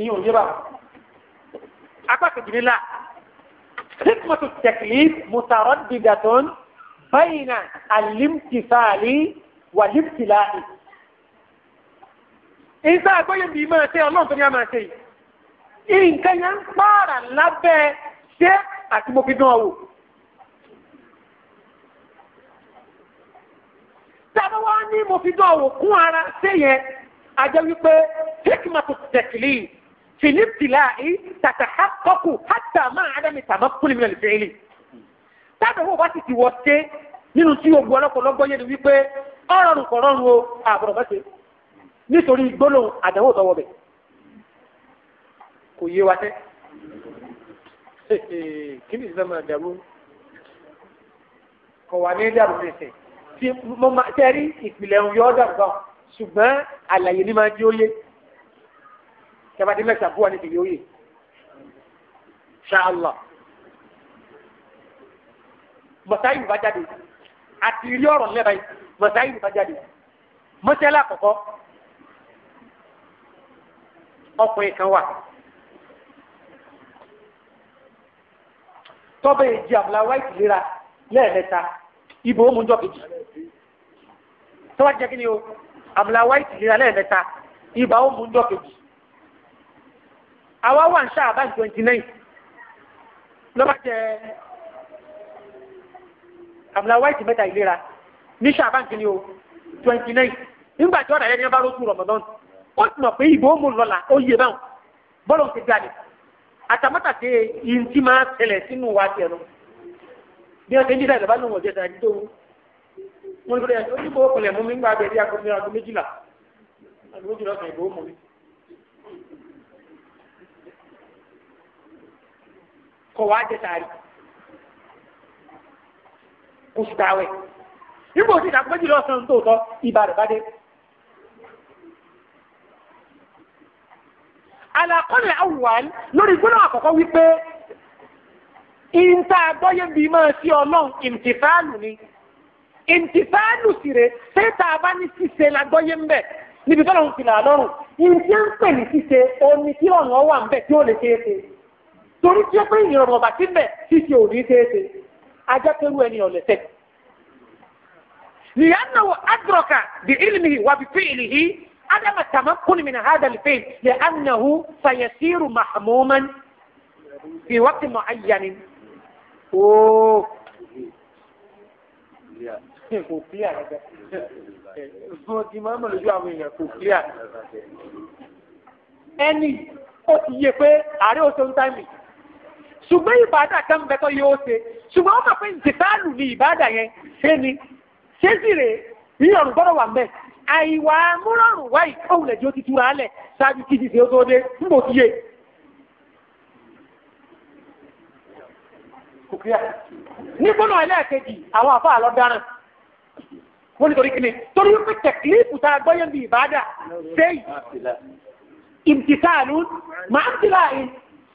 ìyẹn ò yé bá apá kejì nílá hikmatu taklif mutaraddidatun bayna al-imtisali wal-ibtila'i ìsá àgbóyè bí máa ṣe ọlọ́run tó ní a máa ṣe yìí nǹkan yẹn ń pààrà lábẹ́ ṣé àti mo fi dán ọ wò. tábà wá ní mo fi dán ọ wò kún ara ṣé yẹn a jẹ́ wípé hikmatu tẹ̀kìlì fìlípìlà yìí tàtà kọ́kù hàtà máa ádámì tàbá kúlì mi lè fẹ́ẹ́lì. tábà wò sì ti wọ́ ṣe nínú tí o gbọ́ yẹn ni wípé ọ̀rọ̀ nítorí gbólóhùn àdánwò tọwọ́ bẹ̀ kò yé wa tẹ́ kí ni ìfẹ́ máa dàrú kọ̀ wà ní dàrú nìsín tí mo máa tẹ́rí ìpìlẹ̀ ń yọ ọ́ dàrú báwọn ṣùgbọ́n àlàyé ni máa jẹ́ ó yé tẹ́bàdé mẹ́ta búwa níbi yóò yé ṣáàlá mọ̀sáyì bá jáde àti ilé ọ̀rọ̀ lẹ́bàá yìí mọ̀sáyì bá jáde mọ́sálà àkọ́kọ́ ọkùnrin kan wà. tọ́bẹ̀ èjì àbúlá wáìtì lera lẹ́ẹ̀mẹ́ta ibò ó mú jọ kejì. tọ́wọ́ jẹ́ kí ni o àbúlá wáìtì lera lẹ́ẹ̀mẹ́ta ibà ó mú jọ kejì. àwa wà ń ṣáàbà twenty nine lọ́ba jẹ́ àbúlá wáìtì mẹ́ta ìlera ní ṣáàbà kí ni o twenty nine nígbà tí ọ̀dà yẹn ní wọ́n bá lóṣù rọ̀mọ́dọ́nù ó ti mọ̀ pé ìbò mú lọ́la ó yẹ báwọn bọ́lọ̀ ti gbà ní àtàmọ́tàtẹ́ yìí ti máa tẹ̀lẹ̀ sínú wa tiẹ̀ lọ bí wọ́n ti ń dídá ìjọba ló ń wọ̀ jẹ́ta ẹni tó wú wọ́n ti rẹ̀ ó ní bọ́ọ̀ kọlẹ̀ mú mi gbà bẹ̀rẹ̀ aago mi aago méjìlá aago méjìlá ọ̀sán ìbò mú mi. kọ̀ wá jẹ́ta rí kó sùdáwẹ̀ nígbà òsì ìdàgbẹ́jìlá ọ̀sán tó tọ́ ibà rẹ̀ bá dé. alakọ́nà awùwàn lórí gbọ́dọ̀ àkọ́kọ́ wípé ìta àgbọ́yé bí máa sí ọlọ́run ìmtìfáàlù ni ìmtìfáàlù sì rè sétà bá ní ṣíṣe lágbọ́yé ń bẹ̀ níbi tọ́lọ̀ ń fìlà lọ́rùn ìǹtí ń pè ní ṣíṣe omi tí ọ̀nà wà ń bẹ̀ tí ó lè ṣe é ṣe torí tí ó pé ìrọ̀rùn ọ̀bà tí ń bẹ̀ ṣíṣe ò ní ṣe é ṣe ajẹ́pẹ̀rú ẹni ọ̀lẹ́sẹ̀. لأنه أدرك بعلمه عدم التمكن من هذا الفيل لأنه سيسير محموما في وقت معين أوه. kò clear ẹgbẹ́ fún ti máa mọ̀ lójú àwọn èèyàn kò clear ẹni ó ti yé pé ààrẹ ó tóun táìmì ṣùgbọ́n ìbádà kan bẹ́tọ̀ yóò ṣe ṣùgbọ́n ó mọ̀ pé ìtìsáàlù ni ìbádà yẹn ṣé ni ṣé sì rèé yíyọ̀rù gbọ́dọ̀ wà mẹ́ẹ̀ àìwà múrọ̀rùn wáyì kọ́wùlẹ̀ jí ó ti túra alẹ̀ ṣáájú kí ti ṣe ó tó dé ń bò kíyè ní gbọ́nà ẹlẹ́ẹ̀kejì àwọn àfá àlọ́dáràn wọ́n nítorí kìíní torí wípé tẹ̀klífù tá a gbọ́yẹ̀ bí ìbádà ṣe ìmtìsáàlú máa ń tìlà ì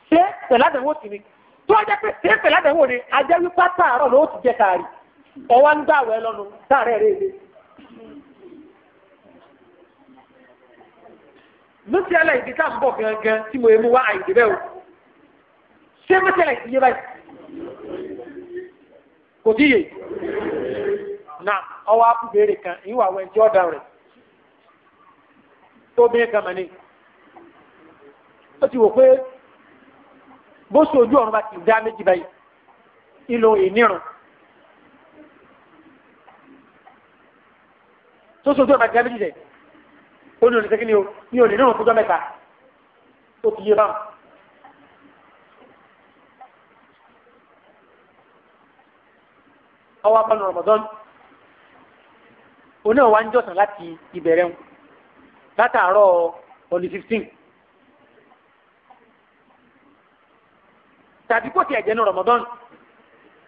ṣe pẹ̀ládẹ̀wò sí ni tó ọjọ́ pé ṣe pẹ̀ládẹ̀wò ni ajẹ́ wípé táàrọ̀ ló ti jẹ tààrí ọwá ń gbàwẹ̀ lọ́nu táàrẹ̀ rẹ̀ mọ́tíálà ìdí tá à ń bọ̀ gangan tí mo mú wá àìdè bẹ́ẹ̀ o ṣé mọ́tíálà ìdí yé báyìí kò díye na ọwọ́ akúbèrè kan ìwà àwọn ẹ̀jẹ̀ ọ̀dà rẹ̀ tó bí kan mọ̀ ní ti wò pé bó ṣe ojú ọ̀run bá ti dá méjì báyìí ìlò ìnírun tó ṣe ojú ọ̀run ti dá méjì báyìí ó ní oníṣẹ́ kíni o ní òní nínú fúnjọ́ mẹ́ta ó ti yé báwọn. ọwọ́ abọ́nu Ramadan oní ọ̀wá ń jọ̀sán láti ìbẹ̀rẹ̀ wọn látàárọ̀ ọ̀nì fifteen tàbí kò tiẹ̀ jẹ́ ní Ramadan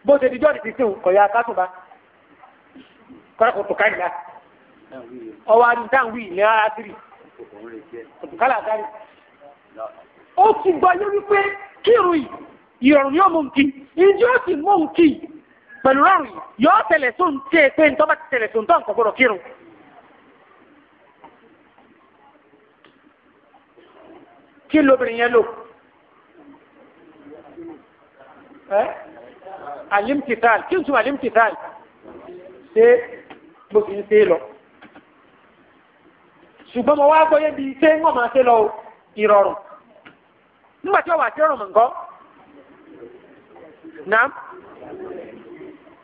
bó ṣe dijọ́ ọ̀nì fifteen kọ̀ ya kásùnba tó káyìí láti ọwọ́ adidan wí ní arásírì òtùkálà sáré ó ti gbọ́yé wípé kírun yìí ìrọ̀rùn yóò mú nkì ìjọ ó sì mú nkì pẹ̀lú rọrùn yóò tẹ̀lẹ̀ tó ń tẹ́ pé ń tọ́ba ti tẹ̀lẹ̀ tó ń tọ́ nǹkan gbọ́dọ̀ kírun. kí lóbìnrin yẹn lò alimtital kí n tún alimtital ṣe bó fi ń ṣe lọ ṣùgbọ́n mo wá gbọ́yé bíi ṣé wọ́n máa ṣe lọ ìrọ̀rùn nígbà tí ọwà tí ó rùn mọ̀ nǹkan náà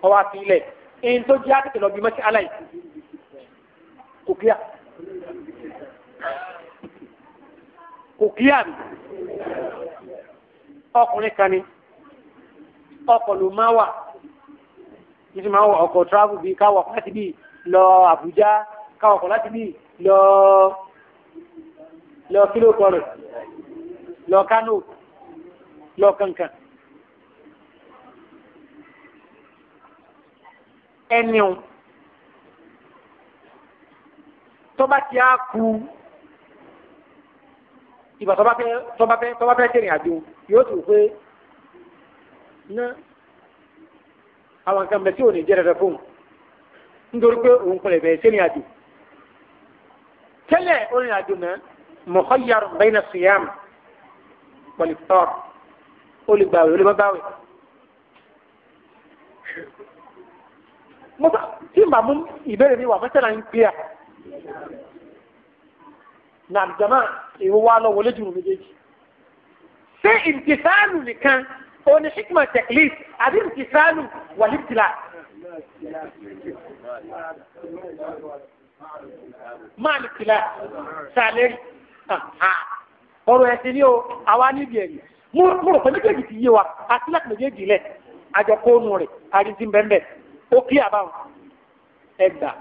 ọwà fi ilẹ̀ èyí tó jẹ́ àtẹ̀tẹ̀ lọ bí mọ́tí aláì kò kíá kò kíá mi ọkùnrin kan ni ọkọ̀ ló máa wà títí máa wà ọkọ̀ travel bíi káwọ̀ láti bíi lọ Àbújá káwọn kọ̀ láti bí lọ lọ kílò kọrẹ̀ lọ kánò lọ kankan ẹniun tó bá ti á ku ìgbà tó bá fẹ́ tó bá fẹ́ tó bá fẹ́ tẹ̀rìn àjò yóò tún pé ná àwọn nǹkan bẹ̀ tí ò ní jẹ́ dandan fóun nítorí pé òun kọlẹ̀ bẹ̀ sẹ́ni àjò tẹ́lẹ̀ orin àjò náà mukhayyar bayna siyam wal iftar olùgbàwé olùmọ́báwé. mọ́tà tí màá mú ìbéèrè mi wà mọ́tàlá ń pè à nà àjàmá ìwọ wa lọ wọlé jùlọ méjèèjì. ṣé ìtìsáàlù nìkan òun ni hikma taklif àbí ìtìsáàlù wal máàlì kìlá sàlẹ́rì ọ̀rọ̀ ẹ̀sìn ni o àwa níbi ẹ̀yìn mo rò pé méjèèjì ti yé wa àti láti méjèèjì lẹ̀ àjọkóónù rẹ̀ àrídìí bẹ́ẹ̀ ó kí àbáwọn ẹgbàá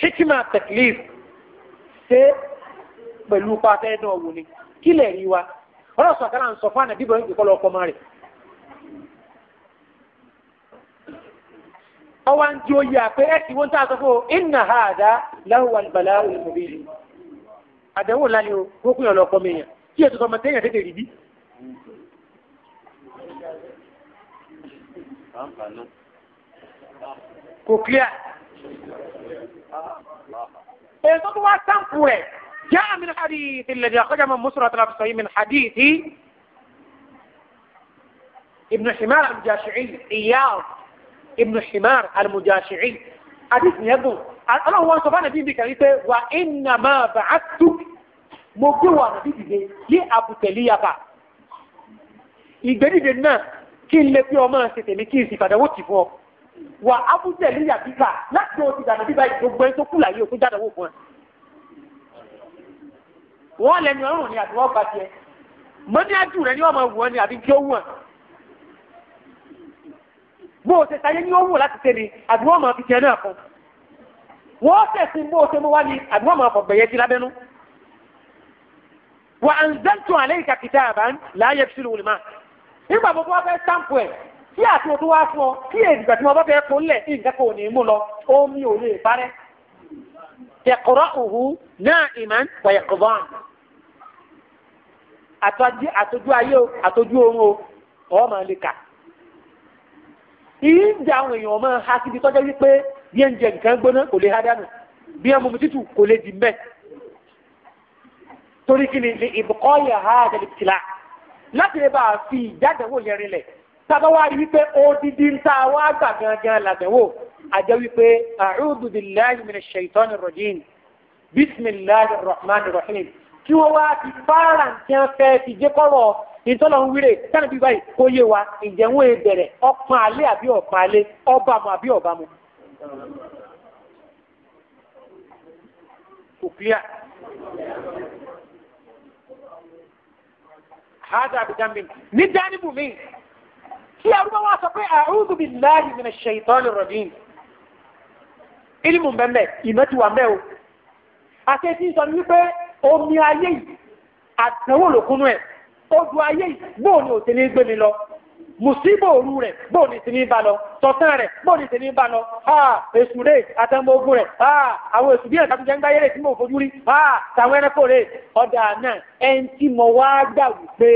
hikima tẹ̀klif ṣe pẹ̀lú pátá ẹ̀dùn ọ̀wù ni kílẹ̀ rí wa ọlọ́sọ̀ kan náà ń sọ fún àná bíbọn ìgbẹ́kọ̀ lọ́kọ́ máa rẹ̀. أو أن تويا وانت أتفو إن هذا لهو البلاء المبين هذا هو لاني وكو يلو قمي كي يتو تمتين يتو تريد كو كليا إذا جاء من حديث الذي أخرج من مصر أطلاف من حديث ابن حمار الجاشعي إياه ibn himar al-mujashi'i hadith yẹn dùn ọlọ́run wọn sọ fún ànàbí ibi kan wípé wà ìnà máa bà á tú mo gbé wà ànàbí dìde lé àbùtẹ̀líyàbà ìgbẹ́dìde náà kí n lè fi ọmọ ṣe tèmi kí n sì fàdáwó tì fún ọ wà àbùtẹ̀líyàbíkà láti o ti dànù bíbá ìgbógbó ẹni tó kú láyé o tó jáde owó fún ẹ. wọ́n lẹnu ọrùn ni àbí wọ́n gba tiẹ̀ mọ́níájú rẹ̀ ni wọ́n máa wù ọ́ ni àbí kí ó wù ọ́ bó o ṣe sáyé ní ó wù láti ṣe ni àdúgbò máa fi jẹ náà kan wọ́n tẹ̀sìn bó o ṣe mú wá ní àdúgbò máa fọ̀gbẹ̀yẹ ti lábẹ́nú. wà á ń zẹ́ntún àlẹ́ ìka kìtà àbá láàyè fi lùwìn máa nígbà gbogbo wọn fẹ́ sáǹpù ẹ̀ tí àti òtún wá fún ọ kí èdìgbà tí wọn bá fẹ́ kó lẹ̀ kí nǹkan kò ní mú lọ omi ò lè parẹ́ tẹ̀kọ̀rọ̀ òhu náà ìmọ̀ pẹ̀yẹ̀kọ̀bọ̀n àtọ́jú ayé o àtọ́jú oorun o ọ̀ máa lè kà ìjà àwọn èèyàn máa ha síbi tọ́jọ́ wípé bí ẹ ń jẹ nǹkan gbóná kò lè ha dànù bí ẹ mumu títù kò lè dì mẹ́ torí kí ni ìbùkọ́ yà ha àjẹlẹ̀ tìlà láti lè bá a fi ìjádẹ̀wò yẹn rinlẹ̀ tábà wá rí wípé odidi ń ta wá gbà gangan làbẹ̀wò àjẹ́ wípé a'udhu billahi minash shaitani rrajim bismillahir rahmanir rahim kí wọ́n wá fi fáàrà tí wọ́n fẹ́ fi jẹ́ kọ́rọ̀ ìtọ́lọ̀ ń wíre sẹ́ni bí báyìí kó yé wa ìjẹ̀wọ̀n ìbẹ̀rẹ̀ e ọ̀pọ̀ alẹ́ àbí ọ̀pọ̀ alẹ́ ọbàmù àbí ọbàmù. kò clear. hada abidjanbin ní dánimù mi tí arúgbó wa sọ pé a'udhu billahi minash shaitanir rajim ilmu mbẹ́mbẹ́ ìmọ̀tí wà mbẹ́ o àti etí sọ wípé omi ayé yìí àtẹ̀wò lòkúnú ẹ̀ odò ayé yìí bóò ni òtí ní gbé mi lọ mùsíbò òru rẹ̀ bóò ni ti ní bá lọ tọ̀tán rẹ̀ bóò ni ti ní bá lọ èsù rẹ̀ àtẹ̀mọ̀ ogun rẹ̀ àwọn èsù bí ẹ̀ka tó jẹ́ ń gbáyé rẹ̀ tí mo fojú rí tàwọn ẹranko rẹ̀ ọ̀dà náà ẹn tí mo wá gbà wípé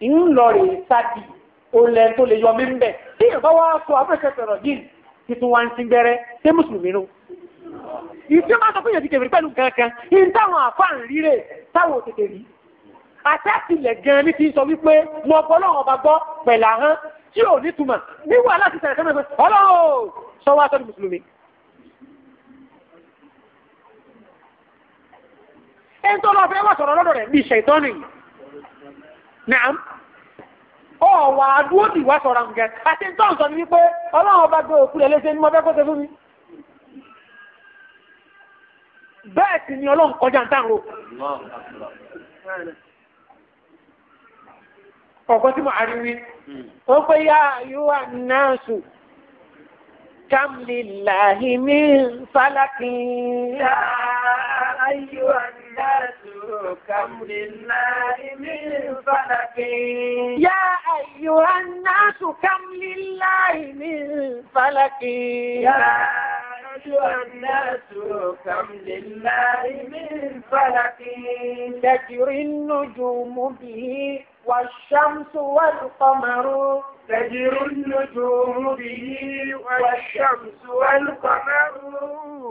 ń lọ rè sáàdì olè tó lè yọ mí ń bẹ̀ tí ìyàbá sọ afẹ́fẹ́ yìí titun wa ń ti gbẹrẹ ṣé mùsùlùmí nù ìdí máa sọ fún yẹn ti kẹfìrí pẹ̀lú kankan ní táwọn àfáàn ríre táwọn òtètè rí àtàtìlẹ̀ gan ní ti sọ wípé mo bọ́ lọ́wọ́ ọba gbọ́ pẹ̀lú ahọ́n tí ò ní túmọ̀ níwọ̀ aláti sẹ̀rẹ̀ sẹ́mi pé ọlọ́wọ́ sọ wá sọ́dún mùsùlùmí. ẹni tó lọ fẹ́ wà sọ̀rọ̀ lọ́dọ̀ rẹ̀ bí ṣètọ́nì nàám ọ̀wà àdúró ti wá sọ̀rọ̀ nǹkan àti tó ń sọ ní wípé ọlọ́wọ́ ọba gbé òkú rẹ̀ léṣe ní mo bẹ́ẹ̀ sì ni ọlọ́run kọjá ń tàn ro. ọ̀gbọ́n tí mo àríwí ó pé yá yóò náà sùn. كم لله من فلك يا أيها الناس كم لله من فلك يا أيها الناس كم لله من فلك يا أيها الناس كم لله من فلك تجري النجوم به والشمس والقمر تجري النجوم به والشمس والقمر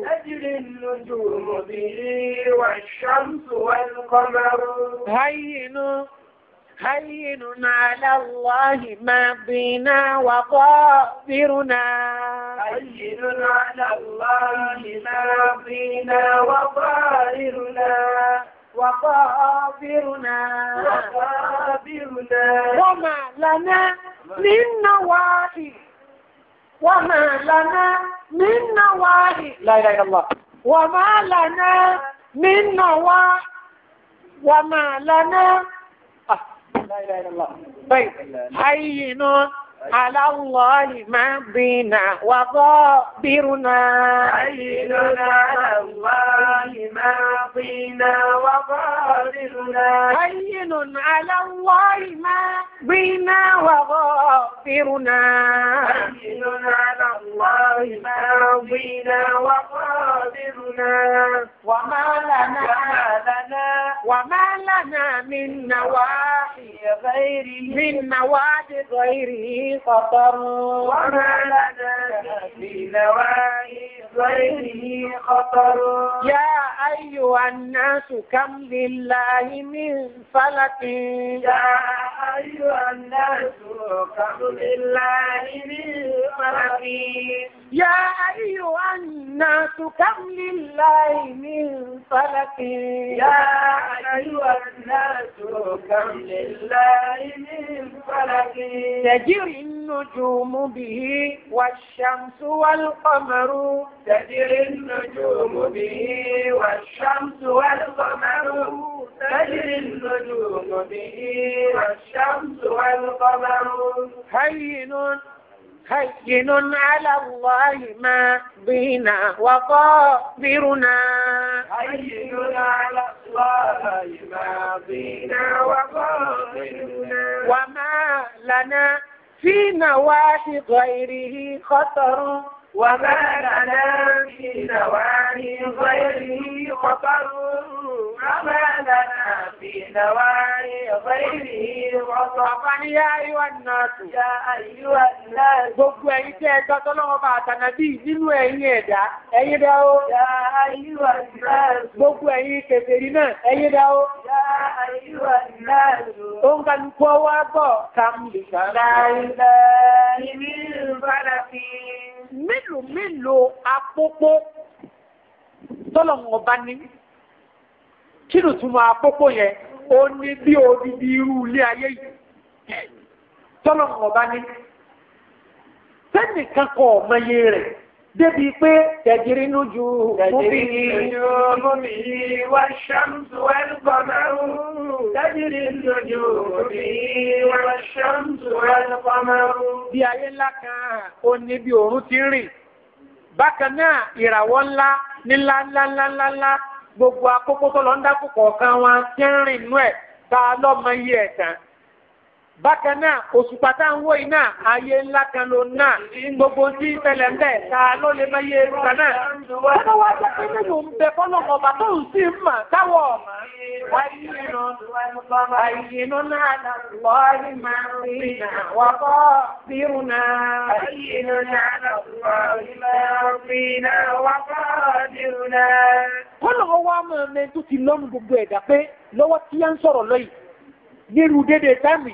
تجري النجوم به والشمس والقمر هينوا هين على الله ماضينا وظافرنا هين على الله ماضينا وظاهرنا وظافرنا وظافرنا وما لنا من نواهي وما لنا من نواهي لا اله الا الله وما لنا من نواهي وما لنا 来来来，老被害人，哎呀妈！على الله ماضينا وضابرنا عيننا على الله ماضينا وضابرنا عين على الله ماضينا وغافرنا عين على الله ماضينا وغافرنا وما لنا وما لنا وما لنا من نواحي غيره من نواحي غيره خطر وما لنا في نواهي غيره خطر يا أيها الناس كم لله من فلك يا أيها الناس كم لله من فلك يا أيها الناس كم لله من فلك يا أيها الناس كم لله من فلك تجري النجوم به والشمس والقمر تجري النجوم به والشمس والقمر تجري النجوم به والشمس والقمر هين هين على الله ما بنا وقادرنا هين على الله ما بنا وقادرنا وما لنا في نواحي غيره خطر وما لنا في نواحي غيره خطر وما لنا في نواحي غيره خطر يا أيها الناس يا أيها الناس gbogbo ẹ̀yin tẹ́ ẹgbẹ́ tọ́lọ́wọ́ bá àtànàbí nínú ẹ̀yin ẹ̀dá ẹ̀yin dá o. ya ayé wa náà. gbogbo ẹ̀yin kèfèrí náà ẹ̀yin dá o. Ó ń ká lùkú ọwọ́ bọ̀ kàmùlì Mélòó mélòó apópó tọ́lọ̀ wọn bá ní. Kí ló túnmọ̀ apópó yẹn? Ó ní bí odidi irú ilé ayé yìí. Tọ́lọ̀ wọn ní. Tẹ́nìkan kọ̀ ọ̀mọye rẹ̀ débi pé tẹ̀jírí lójú múmi wá ṣàmùsù ẹlùkọ̀mẹ́rù tẹ̀jírí lójú múmi wá ṣàmùsù ẹlùkọ̀mẹ́rù. bí ayé ńlá kan ó ní bí òórùn ti rìn bákan náà ìràwọ̀ ńlá nílá ńláńláńlá gbogbo akókó tó lọ ń dákú kọ̀ọ̀kan wọn ti ń rìn nú ẹ̀ tá lọ́mọ iye ẹ̀tàn bákan náà òṣùpá tá ń wò iná ayé ńlá kan ló náà gbogbo tí ń tẹ̀lẹ̀ ń bẹ̀ ta ló lè mọ iye ìrúkà náà. ọ̀nà wa pé nínú ń bẹ fọ́nà ọ̀bà tó ń sì ń mà táwọ̀ ọ̀mà. àyìnú náà lọ́ọ̀rì máa ń rí náà wà kọ́ náà. àyìnú náà lọ́ọ̀rì máa ń rí náà wà kọ́ náà. kọ́nà ọwọ́ àmọ́ mi tó ti lọ́nu gbogbo ẹ̀dá pé lọ́wọ́ tí yá ń sọ̀rọ̀ lọ́yìn nírú dédé táìmù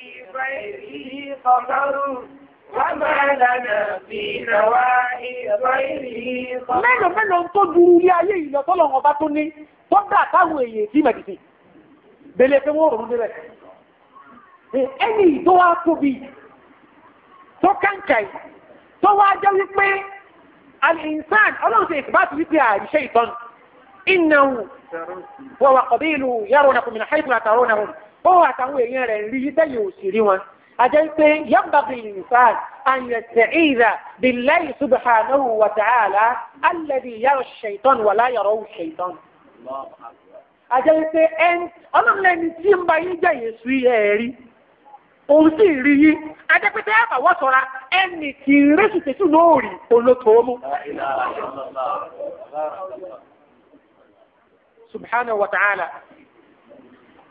في غيره خبر وما لنا في نواحي غيره خبر mélòó mélòó ń tó dúró ilé ayé ìlọ tọ́lọ̀ wọn bá tó ní tó dà táwọn èèyàn tí mẹ̀tìtì bẹ̀lẹ̀ pé wọ́n rọrùn débẹ̀ ẹni ìtọ́ wa tóbi tó kàǹkà tó wá jẹ́ wípé al-insan ọlọ́run ṣe ìsìbáàtì ó àtàwọn èèyàn rẹ̀ rí sẹ́yìn òṣèré wọn àjẹ́ pé yambagi ìfàn àyẹ̀sẹ̀ ìrà billahi subhanahu wa ta'ala alladhi yàrá ṣèitán wàlá yàrá òun ṣèitán. àjẹ́ pé ọlọ́run lẹ́ni tí ń bá yín jẹ́ Jésù ẹ̀ rí òun sì rí yí adẹ́pẹ́tẹ́ àbàwọ́ sọ́ra ẹnì kì í rẹ́sù tẹ̀sù lóòrì olótòómú. subhanahu wa ta'ala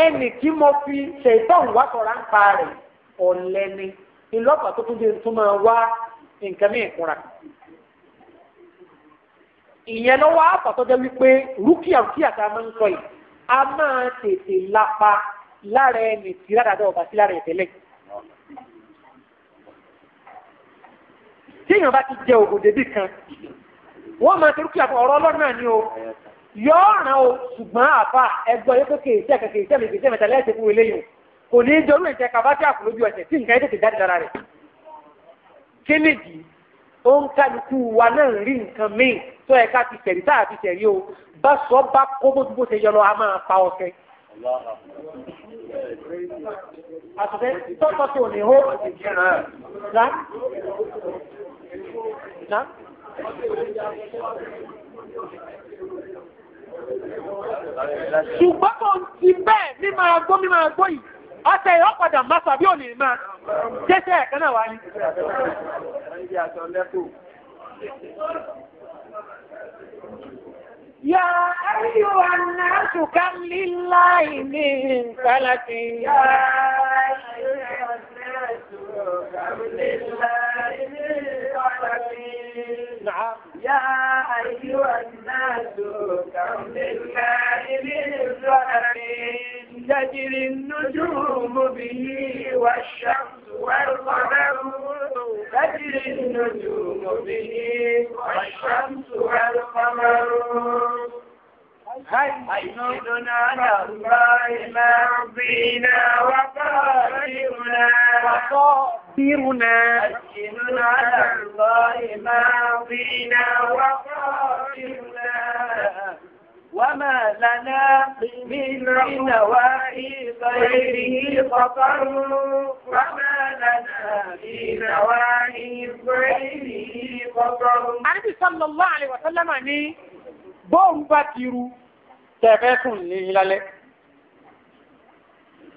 ẹnì tí mo fi ṣètọ́n wá sọ̀rọ̀ à ń pa rẹ̀ ọ̀lẹ́ ni ìlọ́pàá tó tún dé tó máa wá nǹkan ní ìkúnra. ìyẹn lọ́wọ́ àpàtọ́jọ́ wípé rúkìá rúkìá tá a máa ń sọ yìí a máa tètè lapa lára ẹnì tí ládàá ọba sí lára ìtẹ́lẹ̀. tí èèyàn bá ti jẹ ògùn débì kan wọ́n máa ṣe rúkìá ọ̀rọ̀ ọlọ́run náà ni o yóò ràn o ṣùgbọ́n àfa ẹgbọ́n yóò kéèké iṣẹ́ kéèké iṣẹ́ mi kéèké mẹ́ta lẹ́sẹ̀ fún eléyìí kò ní í jọrú ìṣẹ́ kaba tí àkùrọ̀ bí ọ̀sẹ̀ tí nǹkan tètè jáde lára rẹ̀. kínìjì ó ń kálukú wa náà rí nǹkan míì tó ẹ̀ka ti tẹ̀rí tá a ti tẹ̀rí o bá sọ bá kó bó bó ṣe yọ lọ a máa pa ọ̀sẹ̀. àtúntẹ́ tọ́tọ́ tó ní hó. na na ṣùgbọ́n mo ti bẹ́ẹ̀ mi máa gbọ́ mi máa gbọ́ yìí ọ̀sẹ̀ yìí ọ̀padà má sàbí òní ma jẹ́sẹ̀ ẹ̀kan náà wá ní. يا أيها الناس كم لله من فلك يا أيها الناس كم لله من فلك نعم يا أيها الناس كم لله من الزهر تجري النجوم به والشمس والقمر تجري النجوم به والشمس والقمر هيئنا على الله ما ربينا وقارئنا يسرنا أجلنا على الله ماضينا وقاتلنا وما لنا من نواهي غيره خطر وما لنا من نواهي غيره خطر النبي صلى الله عليه وسلم ní بوم bá ti ru tẹ̀fẹ́ sùn ní ìlàlẹ́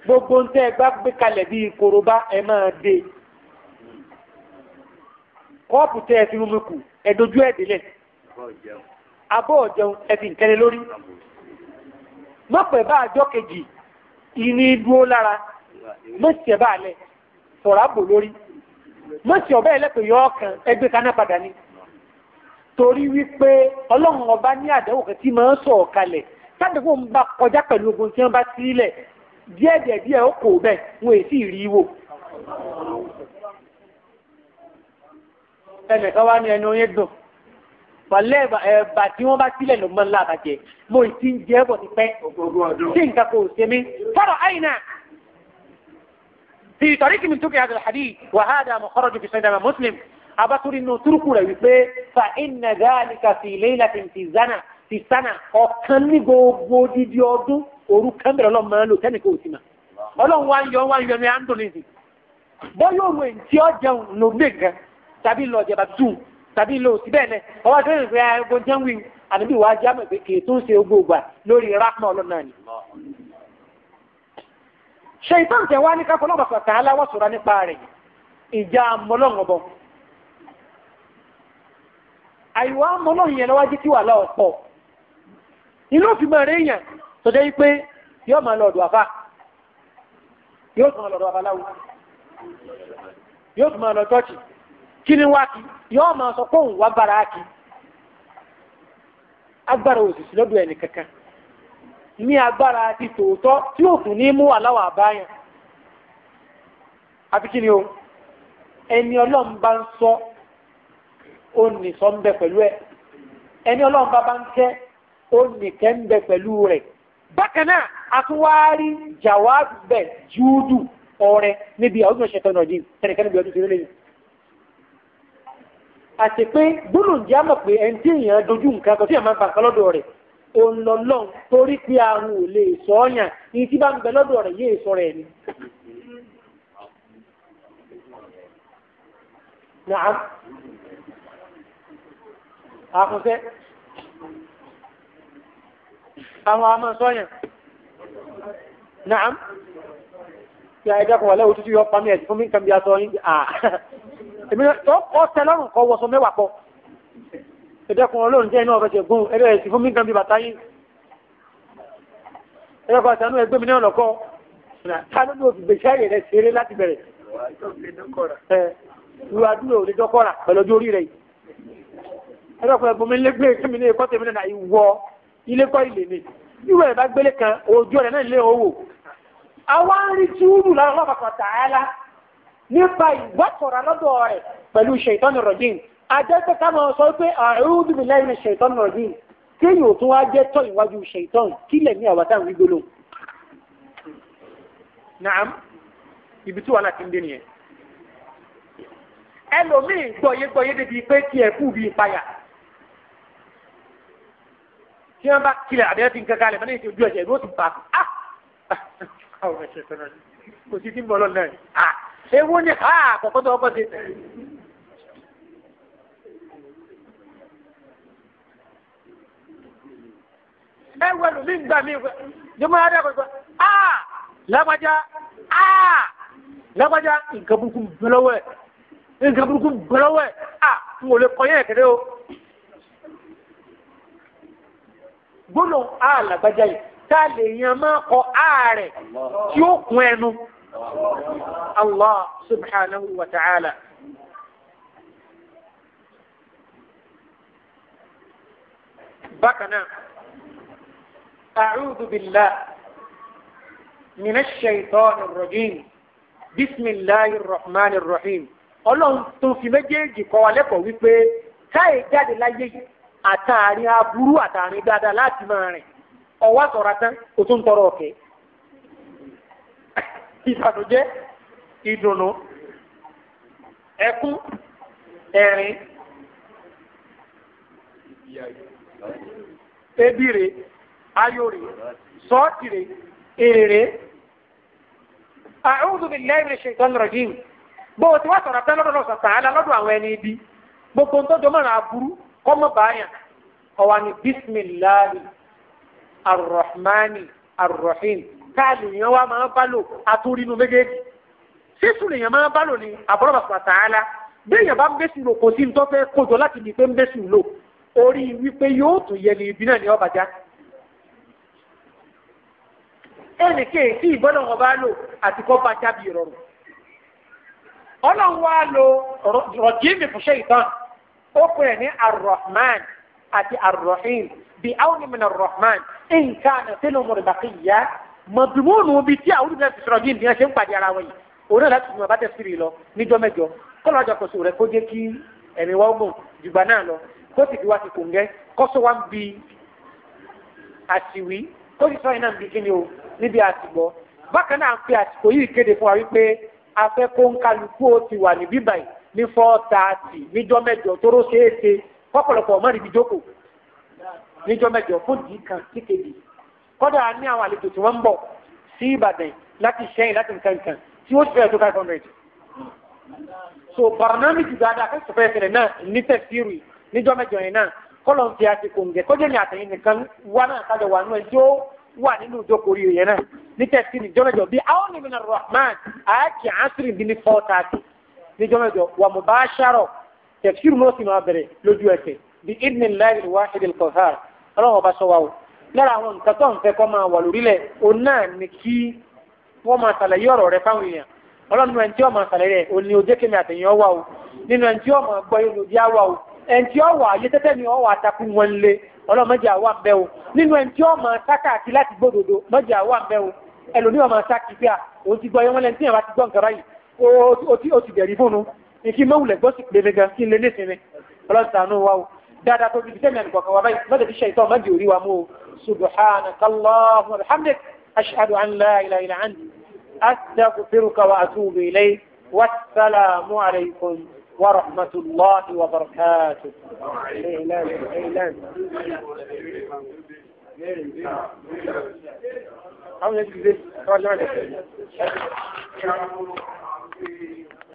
gbogbo ń tẹ́ gbàgbé kalẹ̀ bíi korobá ẹ máa dé. kọ́ọ̀pù tẹ́ ẹ fi rúmi kù ẹ dojú ẹ̀ lórí bá àjọ kejì ìní dúró lára mọ̀sẹ̀ bá alẹ̀ sọ̀rọ̀ àbò lórí mọ̀sẹ̀ ọ̀bẹ ẹlẹ́pẹ̀ yọ ọ̀kan ẹgbẹ́ kaná padà ni torí wípé ọlọ́run ọba ní àdánwò kan tí máa ń sọ̀ kalẹ̀ ẹnìkan wá ní ẹni oyin dùn pàlẹ́ ẹ̀bà tí wọ́n bá sílẹ̀ ló mọ́ ńlá àbàjẹ́ mo ti ń jẹ́ bọ̀ ti pẹ́ tí nǹkan kò ṣe mí fọ́rọ̀ àyìnà fi ìtọ́rí kìí tó kí adùn àdì wàhádà mọ̀kọ́rọ̀ ju fi sẹ́ńdà mà mùsùlùm abaturi nù túrùkù rẹ̀ wípé fa iná dáàlìkà sí ilé ìlàtí ti zánà ti sánà ọ̀kan ní gbogbo dídí ọdún òru kẹ́mẹ̀rẹ̀ ọlọ́run máa lò tẹ́nì kò sí mà ọlọ́run wá ń yọ wá ń yọ ní andonisi bọ́ yóò rò èyí tí ọ jẹun lògbé gan tàbí lọ jẹba tù tàbí lọ sí bẹ́ẹ̀ náà ọwọ́ tó ń fẹ́ ẹgbẹ́ jẹun wíwú ànábì wàá já mọ̀ pé kìí tó ń ṣe gbogbo lórí rákùnà ọlọ́nà ni. ṣe ìtàn tẹ wá ní káfọ́ lọ́wọ́ sọ̀tà aláwọ̀ sọ̀rọ̀ nípa rẹ̀ ìjà mọ́lọ́ngọ̀bọ̀ àìwá mọ́lọ́yìn yẹn lọ́wọ́ jí kí wà láwọ̀ pọ̀ inú òfin mọ̀ rẹ̀ èèyàn tó jẹ́ pé yóò máa lọ́ọ̀dù àfà yóò tún máa lọ́ọ̀dù àbáláwo yóò tún máa lọ kíni wá kí yọọ máa sọ pé òun wá bára kí agbára òṣìṣẹ́ lọ́dọ̀ ẹnì kankan ní agbára ti tòótọ́ tí ó fún ní mú aláwọ̀ àbáyàn àfi kíni o ẹni ọlọ́run bá ń sọ ó nì sọ ń bẹ pẹ̀lú ẹ ẹni ọlọ́run bá bá ń kẹ́ ó nì kẹ́ ń bẹ pẹ̀lú rẹ̀ bákan náà àtúwárí jàwá bẹ̀ júùdù níbi àwọn ìṣẹ̀tọ́ náà yìí tẹnikẹ́ni bí ọdún ti rí lẹ́yìn àti pé gbólóǹjẹ àmọ̀ pé ẹni tí èèyàn dojú nǹkan kan tí èèyàn máa ń fa nǹkan lọ́dọ̀ rẹ̀ òun lọ́lọ́n torí pé àrùn ò lè sọ ọ́ yàn ní tí bá ń bẹ lọ́dọ̀ rẹ̀ yéè sọ rẹ̀ ni. Nàá àfúnfẹ́ àwọn àmọ́ sọ́yàn. Nàá kí a ẹja kan wà lẹ́wọ̀ tútù yọ pamẹ́ ẹ̀sìn fún mi nǹkan bí a sọ yín èmi ọ tẹ lọ́rùn kọ wọṣọ mẹ́wàá pọ̀ ẹ̀dẹ́kun ọlọ́run jẹ́ iná ọ̀fẹ́ ṣe gún ẹ̀rẹ́ ẹ̀sìn fún mi gan bí bàtà yín ẹ̀rẹ́ kan sànú ẹgbẹ́ mi náà lọ́kọ́ ta ló ní o fi gbèsè ayé rẹ ṣeré láti bẹ̀rẹ̀ ìwà dúró òde dọ́kọ́ra pẹ̀lú ọjọ́ orí rẹ̀ ẹ̀rẹ́ kan ẹ̀bùn mi lé gbé kí mi ní ẹ̀kọ́ tèmi náà ìwọ ilé kọ́ ilé mi ìwọ ẹ̀ bá gbélé kan ojú ọ̀rẹ́ náà lé owó àwọn arìnrìn tí ó rù lára ọlọ́pàá nípa ìgbàtọ̀rà lọ́dọ̀ rẹ̀ pẹ̀lú ṣètọ́nù rọ̀jìn àjẹ́pẹ́ káwọn sọ pé àrùn mi lẹ́yìn ṣètọ́nù rọ̀jìn kí yóò tún wá jẹ́ tọ́ ìwájú ṣètọ́nù kí lẹ̀ ní àwàtà ń wígbóló. naam ibi tí ah! Ah! Ah! kò sí tí ń bọ̀ lọ́nà náà ewu ni ha àkọ́kọ́ tó ọkọ̀ ti tẹ̀. ẹ wẹlú mi gbà mí jọmọ adé kò sọ aa lágbájá aa lágbájá nǹkan burúkú gbẹlọwẹ nǹkan burúkú gbẹlọwẹ a n ò lè kọyẹ kẹdẹ o gbọdọ a lágbájá yìí tá a lè yan máa kọ a rẹ tí ó kun ẹnu. الله سبحانه وتعالى بكنا أعوذ بالله من الشيطان الرجيم بسم الله الرحمن الرحيم ọlọ́run tó fi méjèèjì kọ́ wa lẹ́kọ̀ọ́ wípé káyé jáde láyé àtàrin aburú àtàrin dáadáa láti máa rìn ọwọ́ sọ̀rọ̀ tán o tún tọrọ ọ̀kẹ́. Okay ìbànújẹ́ ìdùnnú ẹkún ẹ̀rín ebire ayore sọ́ọ̀tìrè èrè a'udhu billahi minash shaitanir rajim bó o ti wá sọ̀rọ̀ pẹ́ lọ́dọ̀ lọ́sọ̀ tààlà lọ́dọ̀ àwọn ẹni ibi gbogbo nǹkan tó mọ̀ràn aburú kọ́mọ̀ báyàn ọ̀wà ní bismillahi arrahmani arrahim ta lèèyàn wá máa ń bá lò àtúrínú méjèèjì sísù lèèyàn máa ń bá lò ní àbúrò ta'ala béèyàn bá ń bẹ́sù lò kò sí ní tó fẹ́ kójọ láti ní pé ń bẹ́sù lò orí wípé yóò tún yẹ ní ibi náà ní ọbàjá ẹnì kéèké ìgbọ́dọ̀ wọn bá lò àti kọ́ bá jábì rọrùn ọlọ́run wá lo rọ̀jìmì fúnṣẹ́ ìtàn ó pè ní arrahman àti arrahim bí àwọn ènìyàn arrahman nǹkan àti sílùmùrìbàkìyà mọ̀dùmọ́ọ̀nù bíi tí àwọn olùdarí ti sọ̀rọ̀ bí nìyẹn ṣe ń pàdé ara wọn yìí òun náà láti gbìmọ̀ bá tẹ̀ sírì lọ níjọ́ mẹ́jọ kọ́lọ́ ọjà kọ̀sọ̀ rẹ̀ kó jẹ́ kí ẹ̀mí wa gùn jùgbà náà lọ kó sì fi wá ti kòǹgẹ́ kọ́sọ̀ wa ń bi àṣìwí kó sì sọ iná ń bi kíni o níbi àtìgbọ́ bákan náà pe àsìkò yìí kéde fún wa wípé afẹ́ kó ń kálukú ó ti wà ní bíbà ní four kọ́dà ní àwọn àlejò tí wọ́n ń bọ̀ sí Ìbàdàn láti Ṣẹ́yìn láti nǹkankan tí ó ti tó five so barnami ti dáadáa kẹ́sì fẹ́ fẹ́rẹ̀ náà ní tẹ̀síìrì níjọ́ mẹ́jọ yẹn náà kọ́lọ̀ ń fi àti kòǹgẹ́ kọ́jà ní àtẹ̀yìn nìkan wá náà kájọ wà nù ẹ̀ tí ó wà nínú ìjókòó rí yẹn náà ní tẹ̀síìrì jọ́mẹ́jọ bí àwọn nìmínà Rahman àyàkì àṣírí bí ní four thirty níjọ́ mẹ́jọ wà mú bá ṣàrọ̀ tẹ̀síìrì mọ́ sí máa bẹ̀rẹ̀ lójú ẹsẹ̀ bí idnillahi al lára àwọn nǹkan tó ń fẹ́ kọ́ máa wà lórílẹ̀ o náà ní kí wọ́n máa ṣàlàyé ọ̀rọ̀ rẹ fáwọn èèyàn ọlọ́run ẹni tí wọ́n máa ṣàlàyé rẹ̀ o ní ojú kémi àtẹ̀yìn ọwà o nínú ẹni tí wọ́n máa gbọ́ yóò lòdì àwà o ẹni tí ọwà ayé tẹ́tẹ́ ni ọwà àtakú wọn lé ọlọ́run mẹ́jẹ̀ àwa ń bẹ́ o nínú ẹni tí wọ́n máa sáká àti láti gbódòdó mẹ́jẹ̀ àwa ń bẹ́ o ẹlòmíì wọn máa pé à o ti gbọ́ yẹn tí yàrá ti gbọ́ nǹkan o ti dẹ̀rí fóònù nǹkan mẹ́wùlẹ̀ gbọ́ sí pèlè gan kí n lè nífẹ̀ẹ́ mi ọlọ́run ṣàánú wa o dáadáa tó fi di سبحانك اللهم وبحمدك أشهد أن لا إله إلا أنت أستغفرك وأتوب إليك والسلام عليكم ورحمة الله وبركاته إعلان إعلان